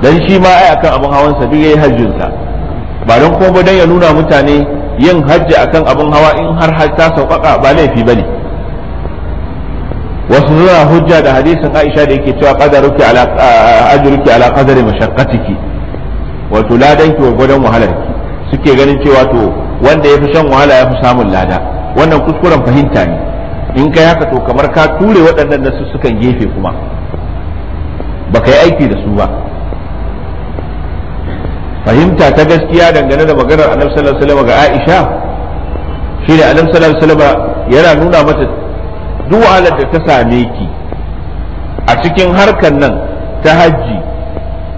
dan shi ma ai akan abin hawan sa duk yayi hajjinsa ba don kuma dan ya nuna mutane yin hajji akan abin hawa in har ta sauƙaƙa ba laifi bane wasu zuwa hujja da hadisin Aisha da yake cewa qadaruki ala ah, ajruki ala qadari mashaqqatiki wato ladan ki gwadon wahalar ki suke ganin cewa to wanda yafi shan wahala yafi samun lada wannan kuskuren fahimta ne in kai haka to kamar ka ture waɗannan su sukan gefe kuma baka yi aiki da su ba fahimta ta gaskiya dangane da maganar annabi sallallahu alaihi wasallam ga Aisha shi da annabi sallallahu alaihi wasallam yana nuna mata duk wahalar da ta same ki a cikin harkar nan ta hajji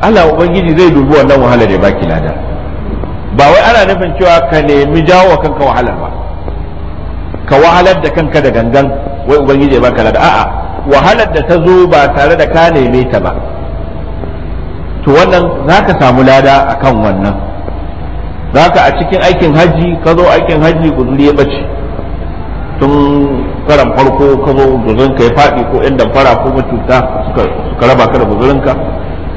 Allah ubangiji zai dubi wannan wahala da baki lada ba wai ana nufin cewa ka nemi jawo kanka wahalar ba ka wahalar da kanka da gangan wai ubangiji ya baka lada a'a wahalar da ta zo ba tare da ka neme ta ba to wannan za ka samu lada a kan wannan za ka a cikin aikin hajji ka zo aikin hajji guduri ya bace tun karan farko ka zo ka ya faɗi ko inda fara ko mutunta suka raba ka da ka.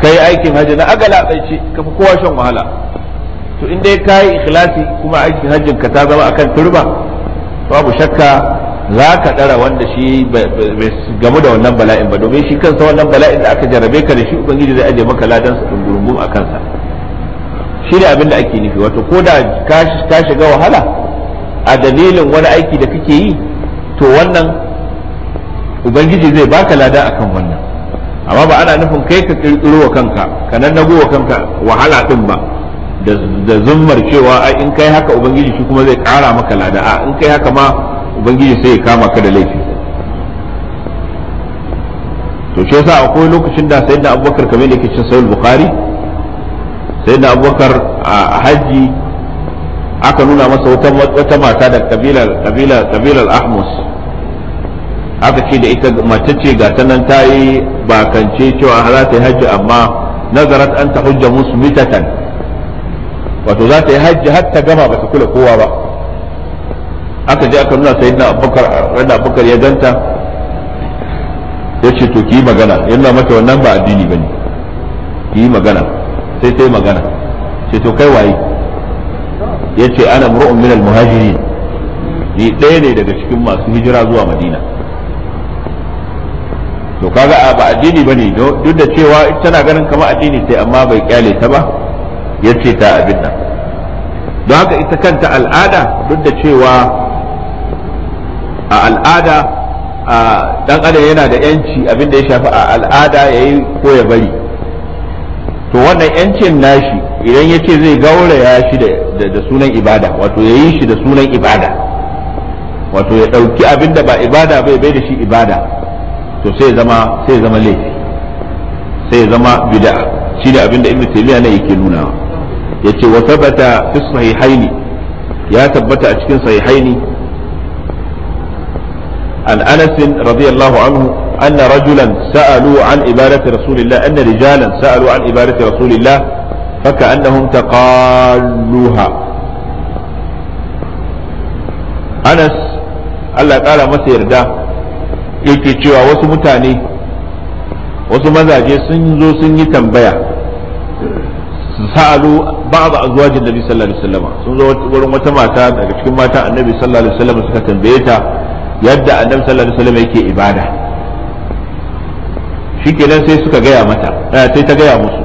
kai aikin hajji na agala tsaice ka fi kowa shan wahala to in dai kayi ikhlasi kuma aikin hajjin ka ta zama akan turba babu shakka za ka ɗara wanda shi bai gamu da wannan bala'in ba domin shi kansa wannan bala'in da aka jarabe ka da shi ubangiji zai aje maka ladan su dungurungum a kansa shi ne abin da ake nufi wato ko da ka shiga wahala a dalilin wani aiki da kake yi to wannan ubangiji zai baka lada akan wannan amma ba ana nufin kai ka kirkiro wa kanka ka nannago wa kanka wahala din ba da zummar cewa in kai haka ubangiji shi kuma zai kara maka lada a in kai haka ma ubangiji sai ya kama ka da laifi to shi yasa akwai lokacin da sayyidina abubakar kamar yake cin sahih bukhari sayyidina abubakar a haji aka nuna masa wata mata da kabilar kabilar kabilar ahmus aka ce da ita mace ce ga ta nan ta yi bakance cewa za ta yi hajji amma nazarat an ta hujja musu mitatan wato za ta yi hajji har ta gama ba ta kula kowa ba aka je aka nuna sayyidina abubakar rana abubakar ya ganta ya ce to ki magana yana mata wannan ba addini bane ki magana sai sai magana sai to kai waye yace ana mur'un min al ni ɗaya ne daga cikin masu hijira zuwa madina to kaga ba addini bane duk da cewa tana ganin kama addini sai amma bai kyale ta ba yace ta abin nan don haka ita kanta al'ada duk da cewa a al'ada a dan adam yana da yanci abin da ya shafi a al'ada yayi ko ya bari to wannan yancin nashi idan ya ce zai gauraya shi da sunan ibada wato ya yi shi da sunan ibada wato ya ɗauki abin da ba ibada bai bai da shi ibada to sai zama sai zama laifi sai zama bid'a shi ne abin da ibnu taymiya ne yake nuna yace wa thabata fi sahihaini ya tabbata a cikin sahihaini an anas radiyallahu anhu أن رجلا سألوا عن إبادة رسول الله أن رجالا سألوا عن إبادة رسول الله فكأنهم تقالوها أنس Allah ƙara masa yarda yake cewa wasu mutane wasu mazaje sun zo sun yi tambaya sa'alu ba'd azwajin nabi sallallahu alaihi wasallam sun zo wurin wata mata daga cikin mata annabi sallallahu alaihi suka tambaye ta yadda annabi sallallahu alaihi wasallam yake ibada shikenan sai suka gaya mata eh, sai ta gaya musu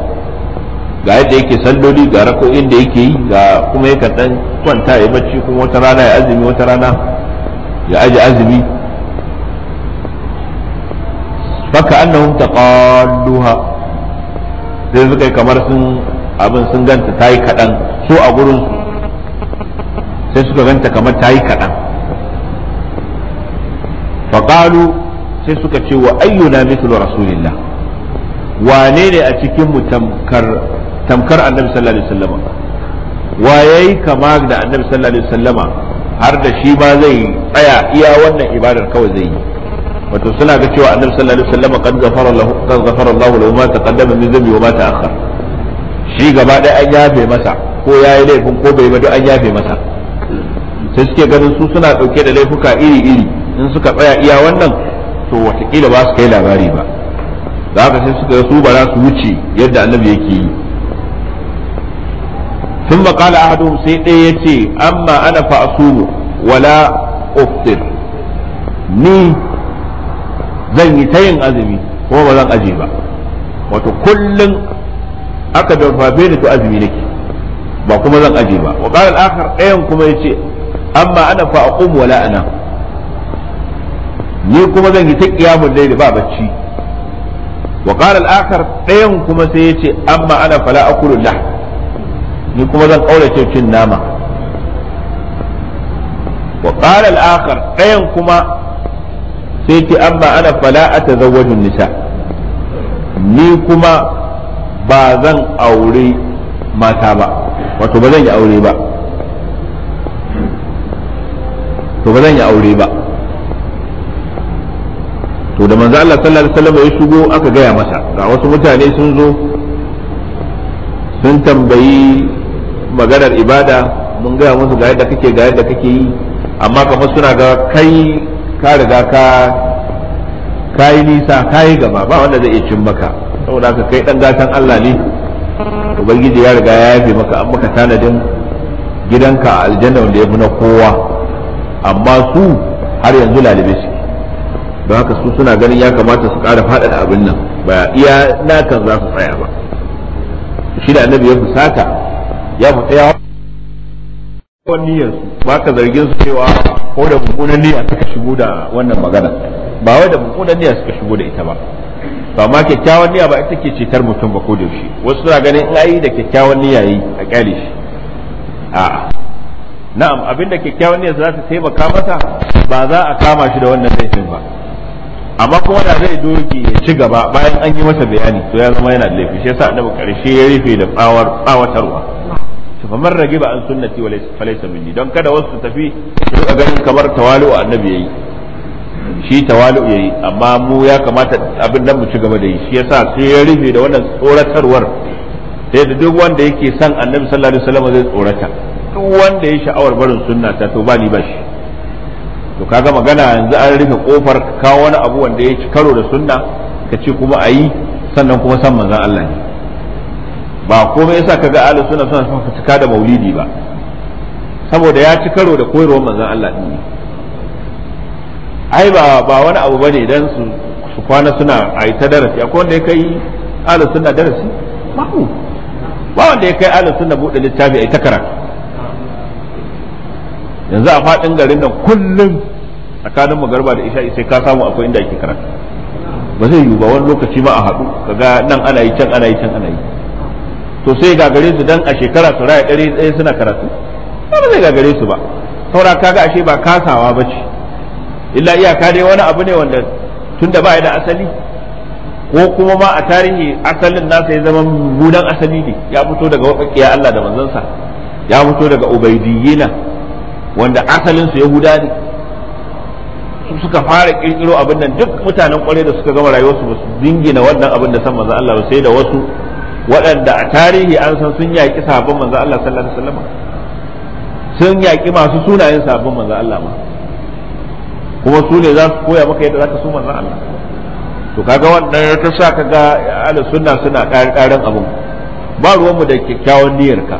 ga yadda yake salloli ga rako inda yake yi ga kuma yakan dan kwanta ya bacci kuma wata rana ya azumi wata rana ya aji azumi baka annahum taqalluha sai suka yi kamar sun abin sun ganta ta yi kaɗan su a gurin sai suka ganta kamar ta yi kaɗan faƙalu sai suka ce wa ayyuna mithlu rasulillah wane ne a cikin mu tamkar tamkar annabi sallallahu alaihi wasallama wa yayi kama da annabi sallallahu alaihi wasallama har da shi ma zai tsaya iya wannan ibadar kawai zai yi wato suna ga cewa annabi sallallahu alaihi wasallama qad ghafara lahu qad ghafara Allah lahu ma taqaddama min dhanbi wa ma ta'akhkhara shi gaba ɗaya an yafe masa ko yayi laifin ko bai ba duk an yafe masa sai suke ganin su suna dauke da laifuka iri iri in suka tsaya iya wannan to watakila ba su kai labari ba da haka sai suka su ba za su wuce yadda annabi yake yi sun makala ahadu sai ɗaya ya ce amma ana fa asumu wala uftir ni zan yi ta yin azumi kuma ba zan aje ba wato kullum aka dafafe da to azumi nake ba kuma zan aje ba wa qala al-akhar ɗayan kuma yace amma ana fa aqum wala ana ni kuma zan yi ta qiyamul layli ba bacci wa qala al-akhar dayan kuma sai yace amma ana fala akulu lah ni kuma zan kaurace cin nama wa qala al-akhar dayan kuma sai yace amma ana fala atazawwaju nisa ni kuma ba zan aure mata ba wato ba zan yi aure ba to ba zan yi aure ba to da manzo Allah sallallahu alaihi wasallam ya shigo aka gaya masa ga wasu mutane sun zo sun tambayi maganar ibada mun gaya musu ga yadda kake ga yadda kake yi amma kamar suna ga kai ka riga ka kayi nisa kayi gaba ba wanda zai iya cin maka saboda ka kai dan gatan Allah ne ubangiji ya riga ya yafe maka an maka tanadin gidanka a aljanna wanda ya na kowa amma su har yanzu lalibe su don haka su suna ganin ya kamata su ƙara faɗaɗa abin nan ba iya nakan za su tsaya ba shi da annabi ya fusata ya fusaya wa. niyyar su ba ka zargin su cewa ko da mummunan niyya suka shigo da wannan magana ba wai da mummunan niyya suka shigo da ita ba Ba ma kyakkyawan niyya ba ita ke cetar mutum ba ko da yaushe wasu suna ganin ayi da kyakkyawan niyya yi a kyale shi a'a na'am abinda kyakkyawan niyya za ta taimaka masa ba za a kama shi da wannan laifin ba amma kuma da zai doge ya ci gaba bayan an yi masa bayani to ya zama yana da laifi shi yasa annabi karshe ya rufe da tsawar tsawatarwa to fa man ba an sunnati wa falaysa minni don kada wasu tafi su ga ganin kamar tawalu annabi yayi shi tawalu yayi amma mu ya kamata abin nan mu ci gaba da yi shi yasa sai ya rufe da wannan tsoratarwar sai da duk wanda yake son annabi sallallahu alaihi wasallam zai tsorata duk wanda ya sha'awar barin sunna ta to ba ni ba shi to kaga magana yanzu an rufe kofar ka kawo wani abu wanda ya ci karo da sunna ka ce kuma a yi sannan kuma san manzan Allah ne ba komai yasa kaga ahli sunna suna son cika da maulidi ba saboda ya ci karo da koyarwar manzan Allah din ne ai ba ba wani abu bane dan su su kwana suna a yi ta darasi akwai wanda ya kai ahli sunna darasi ku, ba wanda ya kai ahlus sunna bude littafi a yi ta karatu yanzu a faɗin garin nan kullum tsakanin magarba da isha'i sai ka samu akwai inda ake karatu ba zai yiwu ba wani lokaci ma a haɗu Ka ga nan ana yi can ana yi can ana yi to sai gagare su dan a shekara su raya ɗari ɗaya suna karatu ba zai gagare su ba saura ka ga ashe ba kasawa ba ce illa iyaka dai wani abu ne wanda tun da ba da asali ko kuma ma a tarihi asalin nasa ya zama mummunan asali ne ya fito daga waƙaƙiya Allah da manzansa ya fito daga ubaidiyina wanda asalinsu yahuda ne su suka fara kirkiro abin nan duk mutanen kwarai da suka gama rayuwarsu ba su dingina wannan abin da san manzo Allah ba sai da wasu waɗanda a tarihi an san sun yaƙi sahabban manzo Allah sallallahu alaihi wasallam sun yaƙi masu sunayen sahabban manzo Allah ma kuma su ne za su koya maka yadda za ka so manzo Allah to kaga wannan ta sa kaga ahlus sunna suna ƙarin abin ba ruwanmu da kyakkyawan niyyarka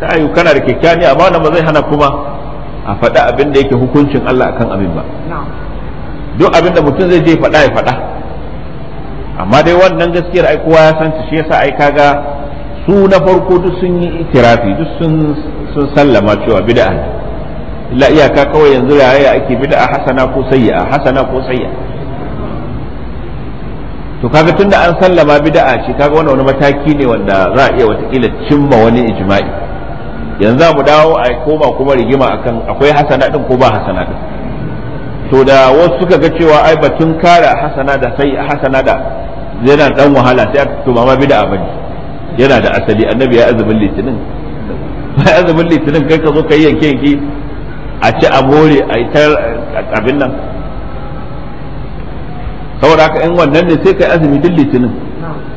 ta ayu kana da kyakkyawan niyya amma wannan ba zai hana kuma a faɗa abin da yake hukuncin Allah akan abin ba duk abin da mutum zai je faɗa ya faɗa amma dai wannan gaskiyar ai kowa ya san shi shi yasa ai kaga su na farko duk sun yi itirafi duk sun sun sallama cewa bid'a ne illa iyaka kawai yanzu yaya ake bid'a hasana ko sayyi'a hasana ko sayyi'a to kaga tunda an sallama bid'a ce kaga wannan wani mataki ne wanda za a iya watakila cimma wani ijma'i yanzu mu dawo a koma kuma rigima akan akwai hasana din ko ba hasana din to da wasu suka ga cewa ai batun kare hasana da sai hasana da yana dan wahala sai to ba ma bid'a bane yana da asali annabi ya azumin litinin ya azumin litinin kai ka zo kai yanke yanke a ci a more a yi abin nan saboda haka in wannan ne sai kai azumi duk litinin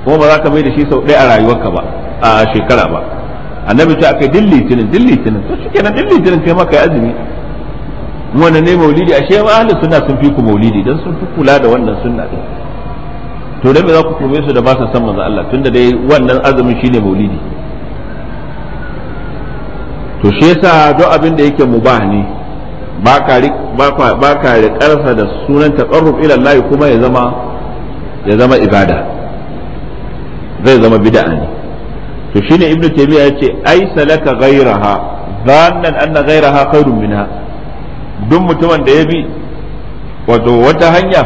kuma ba za ka mai da shi sau ɗaya a rayuwarka ba a shekara ba annabi ta aka dilli litinin dilli litinin to shi kenan dilli litinin kai maka azumi wannan ne maulidi ashe ma ahli sunna sun fi ku maulidi dan sun fi kula da wannan sunna din to dan me za ku tume su da ba su san manzo Allah tunda dai wannan azumin shine maulidi to shi yasa duk abin da yake mubah ne ba ka ba ka rikarsa da sunan taqarrub ila Allah kuma ya zama ya zama ibada zai zama bid'a ne to shine ibnu taymiya yace ai salaka ghayraha dhannan anna ghayraha khairun minha duk mutumin da ya bi wato wata hanya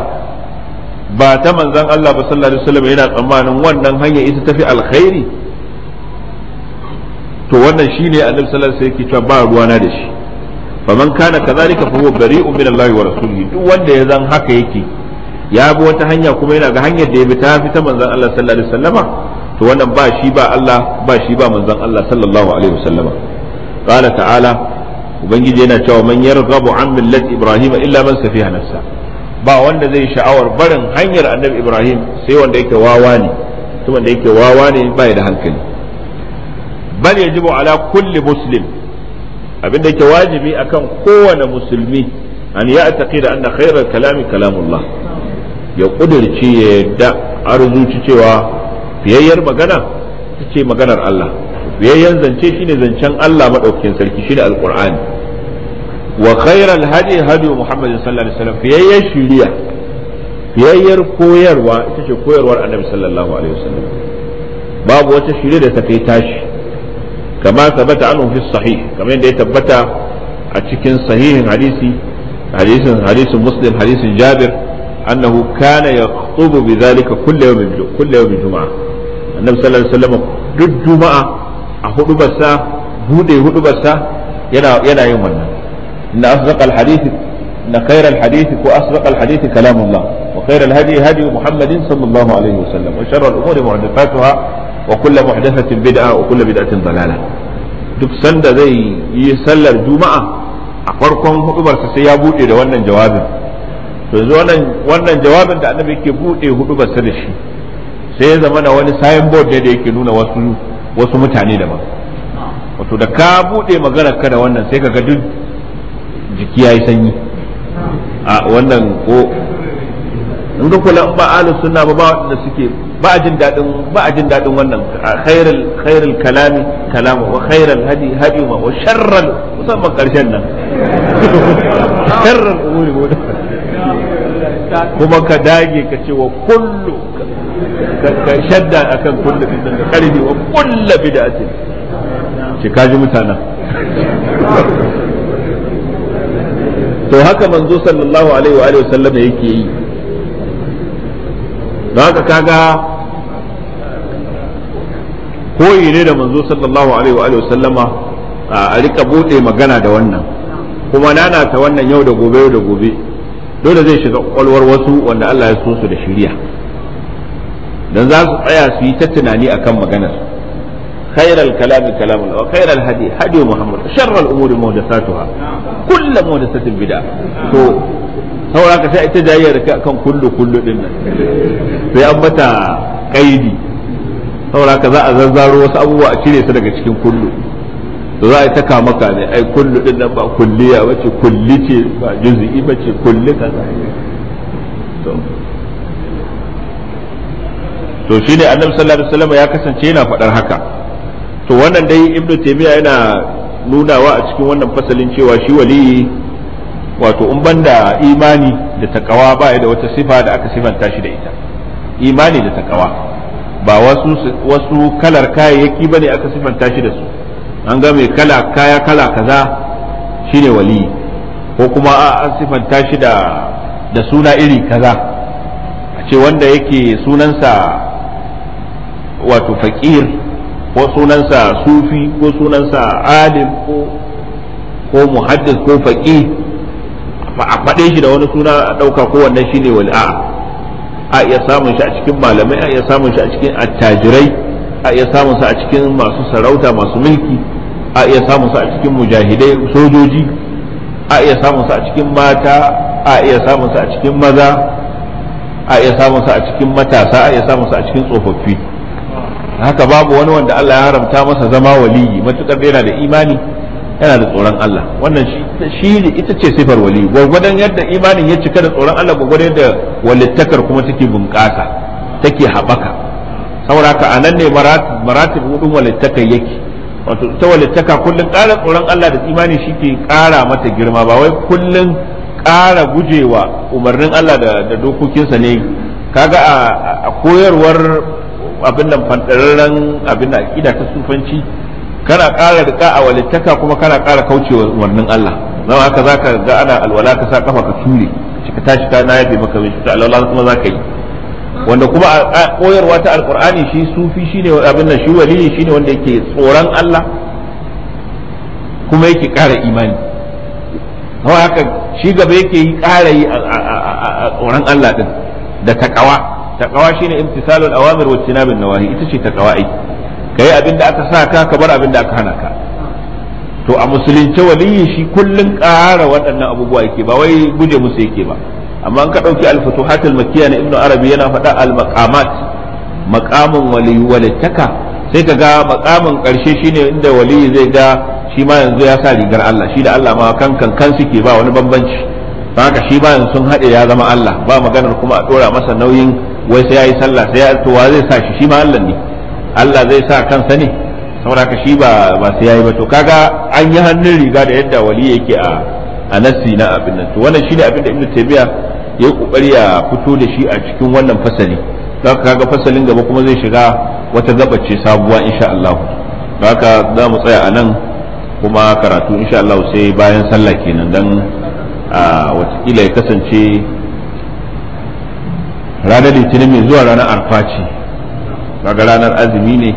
ba ta manzon Allah ba sallallahu alaihi wasallam yana tsammanin wannan hanya ita tafi alkhairi to wannan shine annabi sallallahu alaihi wasallam yake cewa ba ruwana da shi faman kana kazalika fa huwa bari'un min Allah wa rasulihi duk wanda ya zan haka yake ya bi wata hanya kuma yana ga hanyar da ya bi ta fi ta manzon Allah sallallahu alaihi wasallama to wannan ba shi ba Allah ba shi ba manzon Allah sallallahu alaihi wasallama qala ta'ala ubangiji yana cewa man yarghabu an millati ibrahim illa man safiha nafsa ba wanda zai sha'awar barin hanyar annabi ibrahim sai wanda yake wawa ne to wanda yake wawa ne ba da hankali bal yajibu ala kulli muslim abinda yake wajibi akan kowane musulmi an ya taqida anna khairar kalami kalamullah ya kudirce ya yadda arzuci cewa fiyayyar magana ita ce maganar Allah fiyayyen zance shine zancen Allah madaukakin sarki shine alqur'ani wa khairal hadi hadi muhammadin sallallahu alaihi wasallam fiyayyar shiriya fiyayyar koyarwa ita ce koyarwar annabi sallallahu alaihi wasallam babu wata shiriya da ta kai tashi kama tabbata anhu fi sahih kamar yadda ya tabbata a cikin sahihin hadisi hadisin hadisin muslim hadisin jabir annahu kana yakhtubu bi dhalika kullu yawmin kullu yawmin juma'a annabi sallallahu alaihi wasallam duk juma'a a hudubarsa bude hudubarsa yana yana yin wannan inna asdaqal hadith na khairal hadith ko asdaqal hadith kalamullah وخير الهدي هدي محمد صلى الله عليه وسلم وشر الأمور محدثاتها وكل محدثة wa وكل بدعة ضلالة duk sanda zai yi sallar juma'a a farkon hudubarsa sai ya buɗe da wannan jawabin to yanzu wannan jawabin da annabi yake buɗe hudubarsa da shi sai ya zama da wani signboard ne da yake nuna wasu wasu mutane ba wato da ka bude magana ka da wannan sai ka ga duk jiki yayi sanyi a wannan ko in ga kula ba alu sunna ba ba wanda suke ba jin dadin ba jin dadin wannan khairul khairul kalami kalamu wa khairul hadi hadi wa sharral musamman karshen nan sharral umuri kuma ka dage ka ce wa kullu ka shadda kan kulle fitan da karbi wa bida bid'atin ce kaji mutanen to haka manzo sallallahu alaihi wa alihi wasallam yake yi don haka kaga koyi ne da manzo sallallahu alaihi wa alihi sallama a rika bude magana da wannan kuma nana ta wannan yau da gobe yau da gobe dole zai shiga kwakwalwar wasu wanda Allah ya so su da shirya. dan za su tsaya su yi ta tunani akan maganar khairal kalam kalam wa khairal hadi hadi muhammad sharral umuri muhdathatuha kullu muhdathatin bid'a to saboda ka sai ita jayyar kan kullu kullu din nan sai an bata kaidi saboda ka za a zazzaro wasu abubuwa a cire su daga cikin kullu za a yi ta kama ka ne ai kullu din nan ba kulliya bace kulli ce ba juz'i bace kulli kaza to to ne annabi sallallahu alaihi wasallam ya kasance yana faɗar haka to wannan dai ibnu taymiya yana nunawa a cikin wannan fasalin cewa shi wali wato in banda imani da takawa ba da wata sifa da aka sifanta shi da ita imani da takawa ba wasu wasu kalar kayayyaki bane aka sifanta shi da su an ga mai kala kaya kala kaza shine wali. ko kuma a sifanta shi da da suna iri kaza a ce wanda yake sunansa wato faƙir ko sunansa sufi ko sunansa alim ko muhaddis ko faƙi a faɗe shi da wani suna a ɗauka ko wannan shi ne wal'a a iya samun shi a cikin malamai a iya samun shi a cikin attajirai a iya samun sa a cikin masu sarauta masu mulki a iya samun sa a cikin mujahidai sojoji a iya samun sa a cikin mata a iya samun sa a cikin maza a iya samun sa a cikin matasa a iya samun sa a cikin tsofaffi haka babu wani wanda Allah ya haramta masa zama waliyi matukar da yana da imani yana da tsoron Allah wannan shi ita ce sifar waliyi gwagwadon yadda imanin ya cika da tsoron Allah gwagwadon yadda walittakar kuma take bunƙasa take haɓaka saboda ka anan ne maratib hudun walittakai yake wato ita walittaka kullum ƙara tsoron Allah da imani shi ke ƙara mata girma ba wai kullum ƙara gujewa umarnin Allah da dokokinsa ne kaga a koyarwar abin nan fandararren abin da ƙida ta sufanci kana ƙara da a walittaka kuma kana ƙara kauce wa wannan Allah zama haka zaka ga ana alwala ka sa kafa ka ture ka tashi ka na yafe maka mai ta alwala kuma zaka yi wanda kuma a koyarwa ta alqur'ani shi sufi shine abin nan shi wali shine wanda yake tsoron Allah kuma yake ƙara imani don haka shi gaba yake yi ƙara yi a tsoron Allah din da takawa taqwa shine imtisalul awamir wa tinabin nawahi ita ce taqwa ai kai abin da aka sa ka ka bar abin da aka hana ka to a musulunce waliyi shi kullun ƙara waɗannan abubuwa yake ba wai guje musu yake ba amma an ka ɗauki al-futuhat al-makkiyya na ibnu arabi yana faɗa al-maqamat maqamun wali sai ka ga maqamin ƙarshe shine inda waliyi zai ga shi ma yanzu ya sa rigar Allah shi da Allah ma kan kan kan suke ba wani bambanci haka shi ba yanzu sun haɗe ya zama Allah ba maganar kuma a ɗora masa nauyin wai sai yayi sallah sai ya to wa zai sa shi shi ma Allah ne Allah zai sa kansa ne saboda ka shi ba ba sai yi ba to kaga an yi hannun riga da yadda wali yake a a nasi na abin nan to wannan shine abin da Ibn Taymiyyah ya yi kokari ya fito da shi a cikin wannan fasali don kaga fasalin gaba kuma zai shiga wata gabace sabuwa insha Allah don haka za mu tsaya a nan kuma karatu insha Allah sai bayan sallah kenan dan a watakila ya kasance ranar litinin mai zuwa ranar arfa ce kaga ranar azumi ne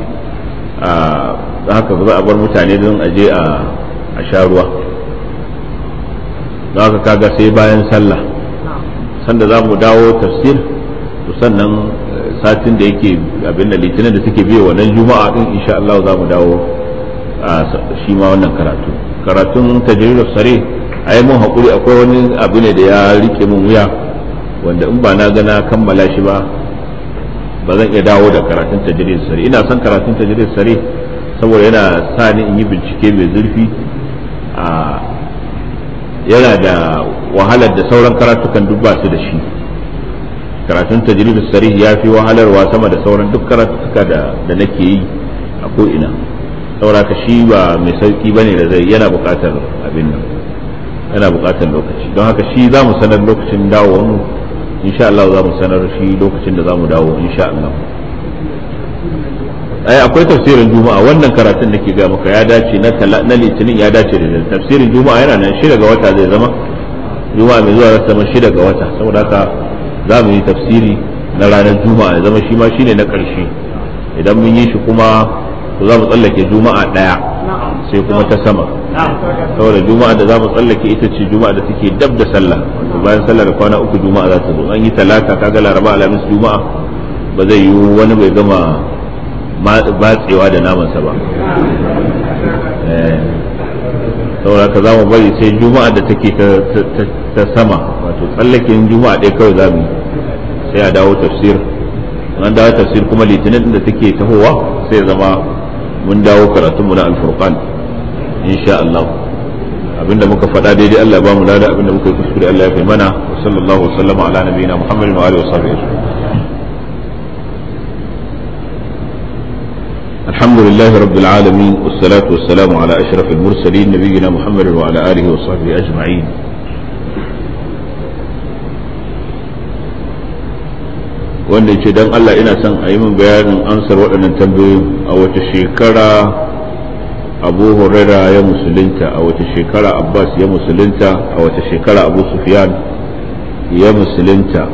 a haka za a bar mutane don aje a sha ruwa a haka kaga sai bayan sallah sanda za mu dawo tafsir to sannan eh, satin da yake abin da litinin da suke biyo wannan juma'a din insha Allah za mu dawo shi ma wannan karatu karatun tajrirus sare ai mun hakuri akwai wani abu ne da ya rike mun wuya wanda in ba na ga na kammala shi ba ba zan iya dawo da karatun tajirin sari ina son karatun tajirin sari saboda yana sa ni in yi bincike mai zurfi a yana da wahalar da sauran karatukan duk ba su da shi karatun tajirin sari ya fi wahalarwa sama da sauran duk karatuka da nake yi a ko'ina. Saura saboda ka shi ba mai sauki ne da zai yana buƙatar abin nan yana buƙatar lokaci don haka shi za mu sanar lokacin dawowar mu insha Allah za mu sanar shi lokacin da za mu dawo insha Allah ai akwai tafsirin juma'a wannan karatun da ke ga maka ya dace na litinin ya dace da tafsirin juma'a yana nan shi daga wata zai zama juma'a mai zuwa zai zama shi ga wata saboda haka za mu yi tafsiri na ranar juma'a ya zama shi ma ne na ƙarshe idan mun yi shi kuma to za mu tsallake juma'a ɗaya sai kuma ta sama saboda juma'a da za mu tsallake ita ce juma'a da take dab da sallah bayan sallar kwana uku juma'a za ta zo an yi talata kaga laraba alhamis juma'a ba zai yi wani bai gama batsewa da naman sa ba eh. saboda ka za mu bari sai juma'a da take ta sama wato tsallakin juma'a ɗaya kawai za mu sai a dawo tafsir an dawo tafsir kuma litinin da take tahowa sai zama mun dawo karatunmu na alfurqan insha Allah abinda muka faɗa daidai Allah ba mu lada abinda muka yi kuskure Allah ya kai mana wa sallallahu wa sallama ala nabiyina Muhammadin wa alihi wa sahbihi الحمد لله رب العالمين والصلاة والسلام على أشرف المرسلين نبينا محمد وعلى آله وصحبه أجمعين wanda ce don Allah ina son a yi min bayanin ansar waɗannan tambayoyin a wace shekara abu huraira ya musulunta a wace shekara abbas ya musulunta a wace shekara abu sufyan ya musulunta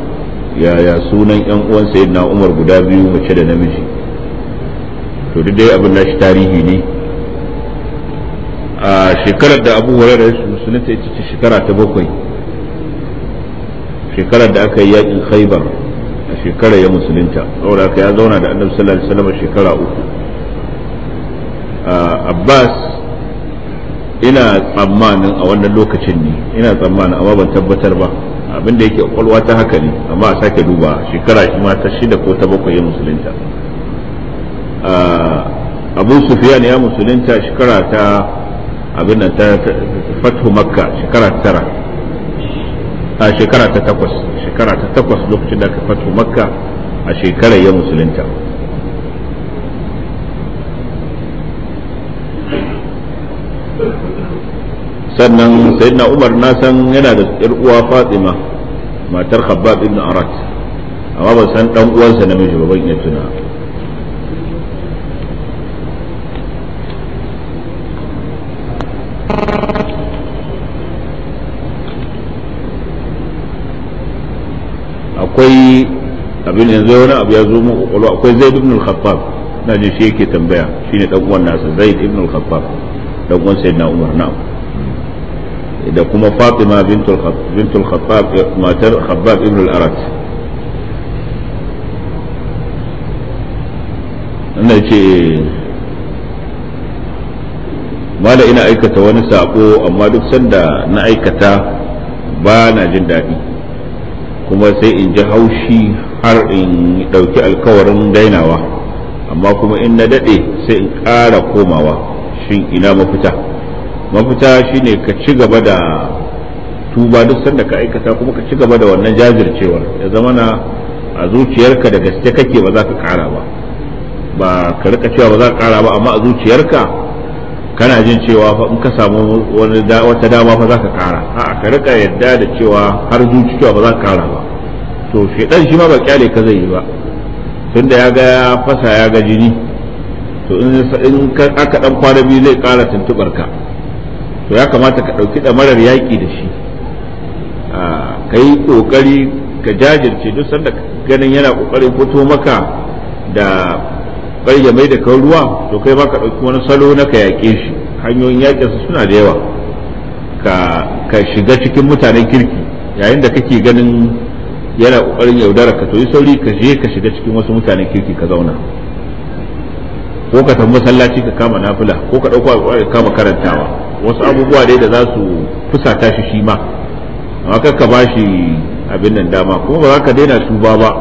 yaya sunan yan uwan sayyidina umar guda biyu mace da namiji to duk dai abin nashi tarihi ne a shekarar da abu huraira ya musulunta ita ce shekara ta bakwai shekarar da aka yi yakin khaibar a shekara ya musulunta saboda haka ya zauna da annabi sallallahu alaihi wasallam shekara uku ah, abbas ina tsammanin a wannan lokacin ne ina tsammanin amma ban tabbatar ba abin da yake kwalwa ta haka ne amma a sake duba shekara shi ma ta shida ko ta bakwai ya musulunta ah, abu sufiyan ya musulunta shekara ta abin nan ta fatu makka shekara tara a shekara ta takwas shekara ta takwas lokacin da aka fato makka a shekarar ya musulunta sannan sayyidina umar na san yana da yar uwa fatima matar khabbab ibn arat amma ban san dan uwansa namiji ba ban iya tuna akwai abin yanzu wani abu ya zo mu kwakwalwa akwai zaid ibn al-khattab na jin shi yake tambaya shine dan uwan nasa zaid ibn al-khattab dan uwan sayyidina umar na'am da kuma fatima bintul eh, khattab matar khabbab ibn al-arat ina ce mala ina aikata wani sako amma duk sanda na aikata ba na jin daɗi kuma sai in ji haushi har in ɗauki alkawarin dainawa amma kuma in na daɗe sai in ƙara komawa shin ina mafita mafita shine ka ci gaba da tuba duk sanda ka aikata kuma ka ci gaba da wannan jajircewar ya zama na a zuciyarka da gaske kake ba za ka ƙara ba ba ka rika cewa ba za ka ƙara ba amma a zuciyarka kana jin cewa fa in ka samu wata dama fa za ka ƙara a'a ka rika yadda da cewa har zuciya ba za ka ƙara ba to shedan shi ma ba kyale ka zai yi ba Tun da ya ga ya fasa ya ga jini to in aka dan kwana biyu zai kara tuntubar ka to ya kamata ka ɗauki ɗamarar yaki da shi ka yi kokari ka jajirce duk sanda ganin yana kokarin fito maka da ya mai da kan ruwa to kai ba ka ɗauki wani salo na ka yaƙe shi hanyoyin su suna da yawa ka shiga cikin mutanen kirki yayin da kake ganin yana kokarin yaudara ka to yi sauri ka je ka shiga cikin wasu mutanen kirki ka zauna ko ka tafi masallaci ka kama nafila ko ka dauko ka kama karantawa wasu abubuwa dai da za su fusata shi shi ma amma kar ka bashi abin nan dama kuma ba za ka daina tuba ba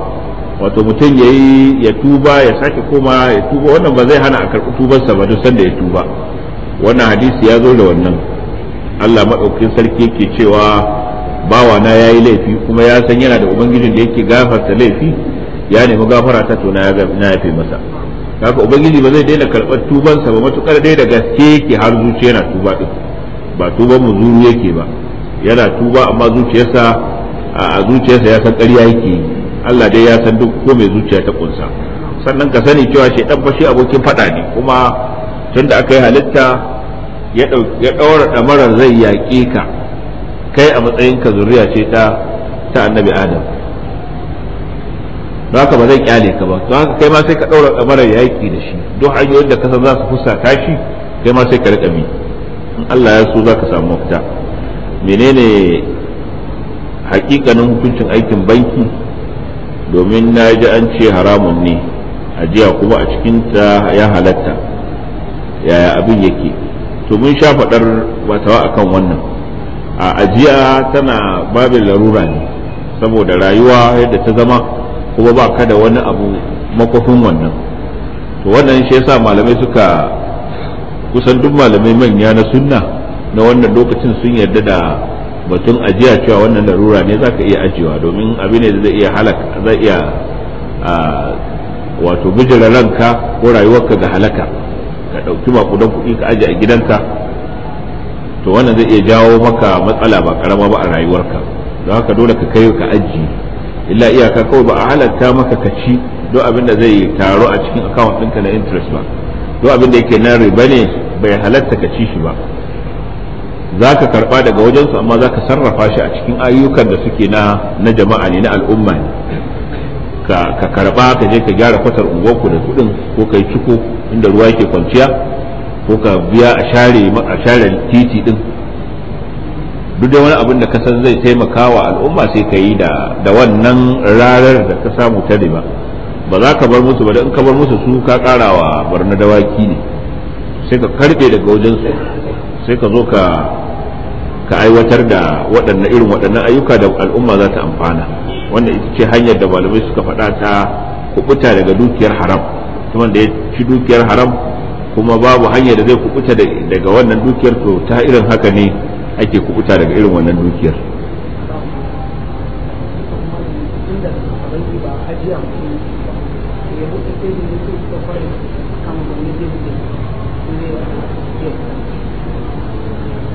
wato mutum ya yi ya tuba ya sake koma ya tuba wannan ba zai hana a karɓi tubarsa ba duk sanda ya tuba wannan hadisi ya zo da wannan Allah maɗaukin sarki yake cewa bawa na yi laifi kuma ya san yana da ubangijin da yake gafarta laifi ya nemi gafara ta to na fi masa kaka ubangiji ba zai daina karɓar tubansa ba matuƙar dai da gaske yake har zuciya yana tuba ɗin ba tuban zuru yake ba yana tuba amma zuciyarsa a zuciyarsa ya san ƙarya yake Allah dai ya san duk ko mai zuciya ta kunsa sannan ka sani cewa shi dan fashi abokin fada ne kuma tunda aka yi halitta ya ɗaura ɗamarar zai yaƙe ka kai a matsayin ka zuriya ce ta ta annabi adam don haka ba zai kyale ka ba don haka kai ma sai ka ɗaura kamarar yaƙi da shi duk hanyoyin da kasan za su fusata shi kai ma sai ka riƙa bi in Allah ya so za ka samu mafita menene hakikanin hukuncin aikin banki domin na ji an ce haramun ne ajiya kuma a cikinta ya halatta yaya abin yake to mun sha faɗar watawa akan wannan a ajiya tana babin larura ne saboda rayuwa yadda ta zama kuma ba ka da wani abu makwafin wannan to wannan shi yasa malamai suka kusan duk malamai manya na sunna na wannan lokacin sun yarda da batun ajiya cewa wannan larura ne zaka iya ajiyewa domin abu ne da zai iya halaka zai iya wato bijira ranka ko rayuwarka ga halaka ka ɗauki makudan kuɗi ka ajiye a gidanka to wannan zai iya jawo maka matsala ba karama ba a rayuwarka don haka dole ka kai ka aji illa iyaka kawai ba a halatta maka ka ci duk abin da zai taro a cikin account ɗinka na interest ba duk abin da yake na riba ne bai halatta ka ci shi ba za ka karɓa daga wajensu amma za ka sarrafa shi a cikin ayyukan da suke na na jama'a ne na al'umma ne ka karɓa ka je ka gyara kwatar unguwarku da kuɗin ko ka yi ciko inda ruwa yake kwanciya ko ka biya a share a share titi din duk da wani abin da ka zai taimaka wa al'umma sai ka yi da wannan rarar da ka samu ta riba ba za ka bar musu ba da in ka bar musu su ka kara wa barna dawaki ne sai ka karbe daga wajen su sai ka zo ka aiwatar da waɗannan irin waɗannan ayyuka da al'umma za ta amfana wanda ita ce hanyar da malamai suka faɗa ta kuɓuta daga dukiyar haram kuma da ya ci dukiyar haram kuma babu hanyar da zai kubuta daga wannan dukiyar to ta irin haka ne ake kubuta daga irin wannan dukiyar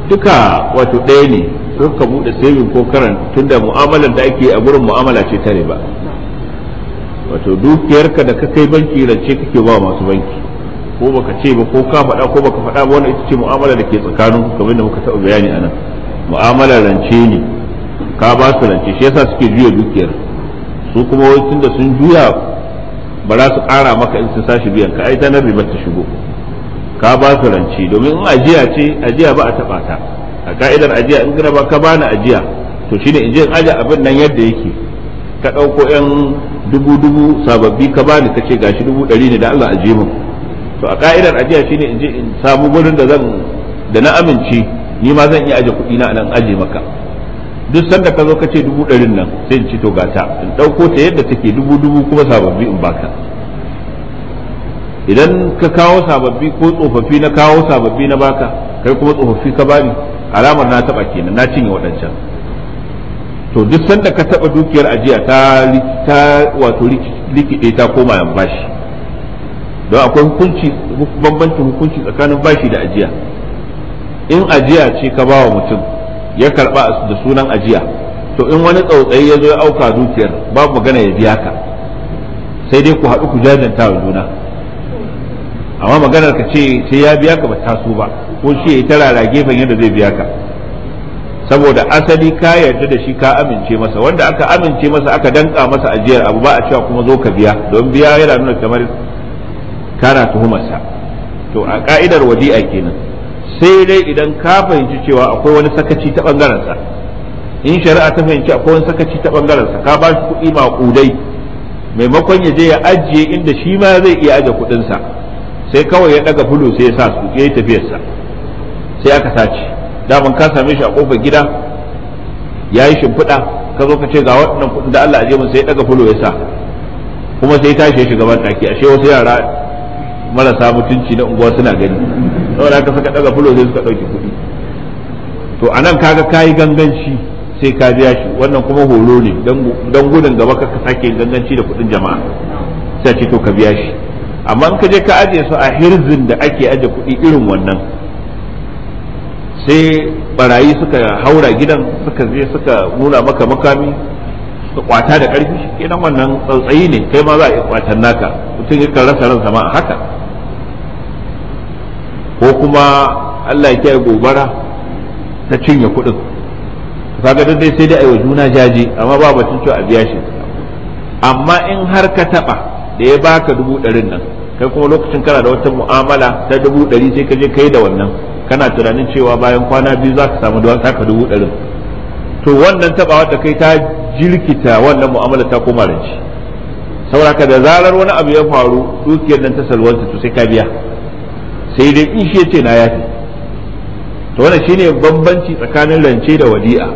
duka wato ɗaya ne sun ka buɗe saving ko karan tunda mu'amalar da ake a gurin mu'amala ce ta ba wato dukiyarka da ka kai banki rance kake ba masu banki ko baka ce ba ko ka faɗa ko baka faɗa ba wannan ita ce mu'amala da ke tsakanin kamar da muka taɓa bayani anan mu'amala rance ne ka ba su rance shi yasa suke juya dukiyar su kuma wai da sun juya ba za su ƙara maka in sun sashi biyan ka ai ta nan ribar ta shigo ka ba su rance domin in ajiya ce ajiya ba a taɓa ta a ka'idar ajiya in gina ba ka bani ajiya to shine in je in aje abin nan yadda yake ka ɗauko 'yan dubu dubu sababbi ka bani ka ce gashi dubu ɗari ne da Allah ajiye mu. to a ka'idar ajiya shine in je in samu gurin da zan da na amince ni ma zan iya aje kuɗi na nan aje maka duk sanda ka zo ka ce dubu ɗarin nan sai in ci to gata in ɗauko ta yadda take dubu dubu kuma sababbi in baka idan ka kawo sababbi ko tsofaffi na kawo sababbi na baka kai kuma tsofaffi ka bani alamar na taɓa kenan na cinye waɗancan to duk sanda ka taɓa dukiyar ajiya ta wato likita ta koma yan bashi don akwai hukunci bambancin hukunci tsakanin bashi da ajiya in ajiya ce ka bawa mutum ya karba da sunan ajiya to in wani tsautsayi ya zo ya auka dukiyar babu magana ya biya ka sai dai ku haɗu ku jajanta wa juna amma maganar ka ce sai ya biya ka ba taso ba ko shi ya tara rara gefen yadda zai biya ka saboda asali ka yarda da shi ka amince masa wanda aka amince masa aka danka masa ajiyar abu ba a cewa kuma zo ka biya don biya yana nuna kamar kana tuhumarsa to a ka'idar wadi'a kenan sai dai idan ka fahimci cewa akwai wani sakaci ta bangarensa in shari'a ta fahimci akwai wani sakaci ta bangarensa ka ba shi kuɗi kudai maimakon ya je ya ajiye inda shi ma zai iya aje kuɗinsa sai kawai ya ɗaga fulu sai ya sa su ya yi tafiyarsa sai aka sace daman ka same shi a kofar gida ya yi shimfiɗa ka zo ka ce ga waɗannan kuɗin da Allah aje mun sai ya ɗaga fulo ya sa kuma sai tashi ya shiga bandaki ashe wasu yara marasa mutunci na unguwa suna gani saboda haka suka daga fulo sai suka dauki kuɗi to anan kaga kayi ganganci sai ka biya shi wannan kuma horo ne don gudun gaba ka sake ganganci da kuɗin jama'a sai ce to ka biya shi amma in ka je ka ajiye su a hirzin da ake ajiye kuɗi irin wannan sai barayi suka haura gidan suka je suka nuna maka makami su kwata da ƙarfi kenan wannan tsautsayi ne kai ma za a yi kwatan naka mutum yakan rasa ransa ma a haka ko kuma Allah ya kiyaye gobara ta cinye kuɗin kaga duk dai sai dai ayi wa juna jaji amma ba batun cewa a biya shi amma in har ka taba da ya baka dubu ɗarin nan kai kuma lokacin kana da wata mu'amala ta dubu ɗari sai ka je kai da wannan kana tunanin cewa bayan kwana biyu za ka samu duwan saka dubu ɗarin to wannan taba da kai ta jirkita wannan mu'amala ta koma ranci saboda da zarar wani abu ya faru dukiyar nan ta salwanta to sai ka biya sai dai in shi yace na yafi to wannan shine bambanci tsakanin rance da wadi'a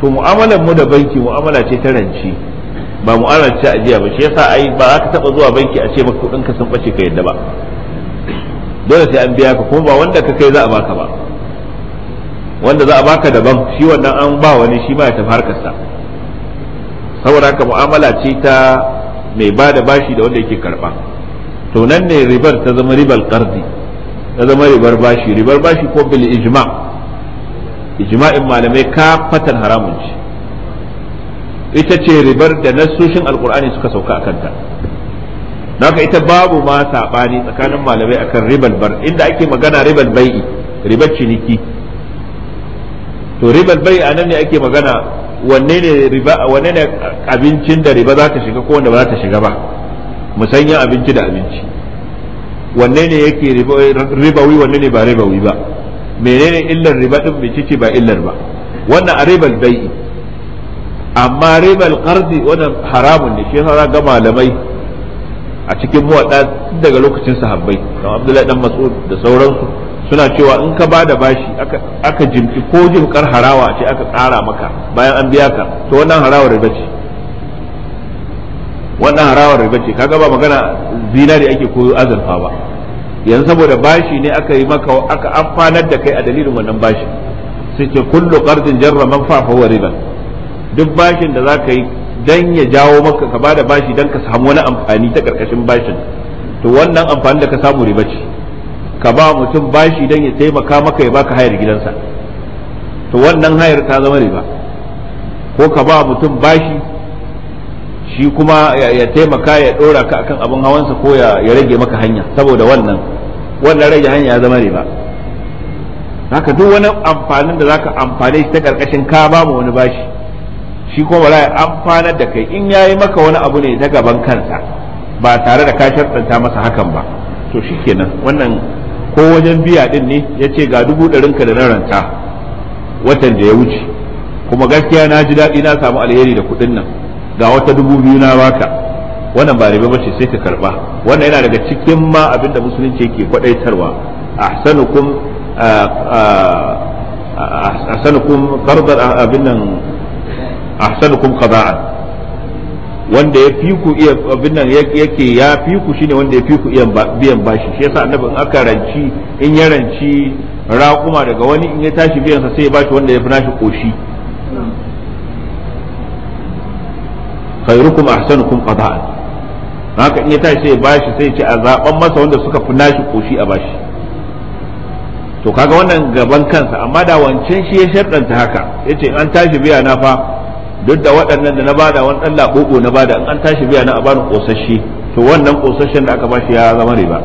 to mu'amalar mu da banki mu'amala ce ta rance ba mu'amala ce ajiya ba shi yasa ai ba za ka taba zuwa banki a ce maka kudin ka sun bace ka yadda ba dole sai an biya ka kuma ba wanda ka kai za a baka ba wanda za a baka daban shi wannan an ba wani shi ma ya tafi harkarsa saboda haka mu'amala ce ta mai ba da bashi da wanda yake karba to nan ne ribar ta zama ribar qardi ya zama ribar bashi ribar bashi ko bil ijma ijma'in malamai ka fatan haramun ce ita ce ribar da nassoshin alkur'ani suka sauka akan ta naka ita babu ma sabani tsakanin malamai akan ribal bar inda ake magana ribal bai'i ribar ciniki to ribal bai'i anan ne ake magana wanne ne riba wanne ne abincin da riba za ta shiga ko wanda ba za ta shiga ba musanya abinci da abinci wanne ne yake ribawi wanne ne ba ribawi ba menene illar riba din mecece ba illar ba wannan a ribal bai'i amma ribal qardi wannan haramun ne shi yasa ga malamai a cikin muwadda daga lokacin sahabbai kamar Abdullahi dan Mas'ud da sauransu suna cewa in ka bada bashi aka jimki ko jimkar harawa ce aka tsara maka bayan an biya ka to wannan harawar riba ce wannan harawar riba ce kaga ba magana zinari ake koyo azurfa ba yanzu saboda bashi ne aka yi maka aka amfanar da kai a dalilin wannan bashi sai ce kullu qardin jarra manfa fa huwa riba duk bashin da zaka yi dan ya jawo maka ka bada bashi dan ka samu wani amfani ta karkashin bashin to wannan amfani da ka samu riba ce ka ba mutum bashi dan ya taimaka maka ya baka hayar gidansa to wannan hayar ta zama riba ko ka ba mutum bashi shi kuma ya taimaka ya dora ka akan abin hawansa ko ya rage maka hanya saboda wannan wannan rage hanya ya zama riba haka duk wani amfanin da zaka amfane shi ta karkashin ka ba mu wani bashi shi kuma wala amfanar da kai in yayi maka wani abu ne ta gaban kansa ba tare da ka shartanta masa hakan ba to shikenan wannan ko wajen biya din ne ya ce ga dubu ɗarinka da na ranta watan da ya wuce kuma gaskiya na ji daɗi na samu alheri da kuɗin nan ga wata dubu biyu na baka wannan ba riba bace sai ka karba wannan yana daga cikin ma abinda musulunci ke kwadaitarwa ahsanukum ahsanukum qardan abinnan ahsanukum qada'an wanda ya fi ku iya abin nan yake ya fi ku shine wanda ya fi ku iya biyan bashi shi yasa annabi in aka ranci in ya ranci raƙuma daga wani in ya tashi biyan sa sai ya bashi wanda ya fi nashi koshi khairukum ahsanukum qada'an haka in ya tashi sai bashi sai ce a zaben masa wanda suka fi nashi koshi a bashi to kaga wannan gaban kansa amma da wancan shi ya sharɗanta haka yace in an tashi biya na fa duk da waɗannan da na bada wani ɗan laƙoƙo na bada in an tashi biya na a bani ƙosashe to wannan ƙosashen da aka bashi ya zama riba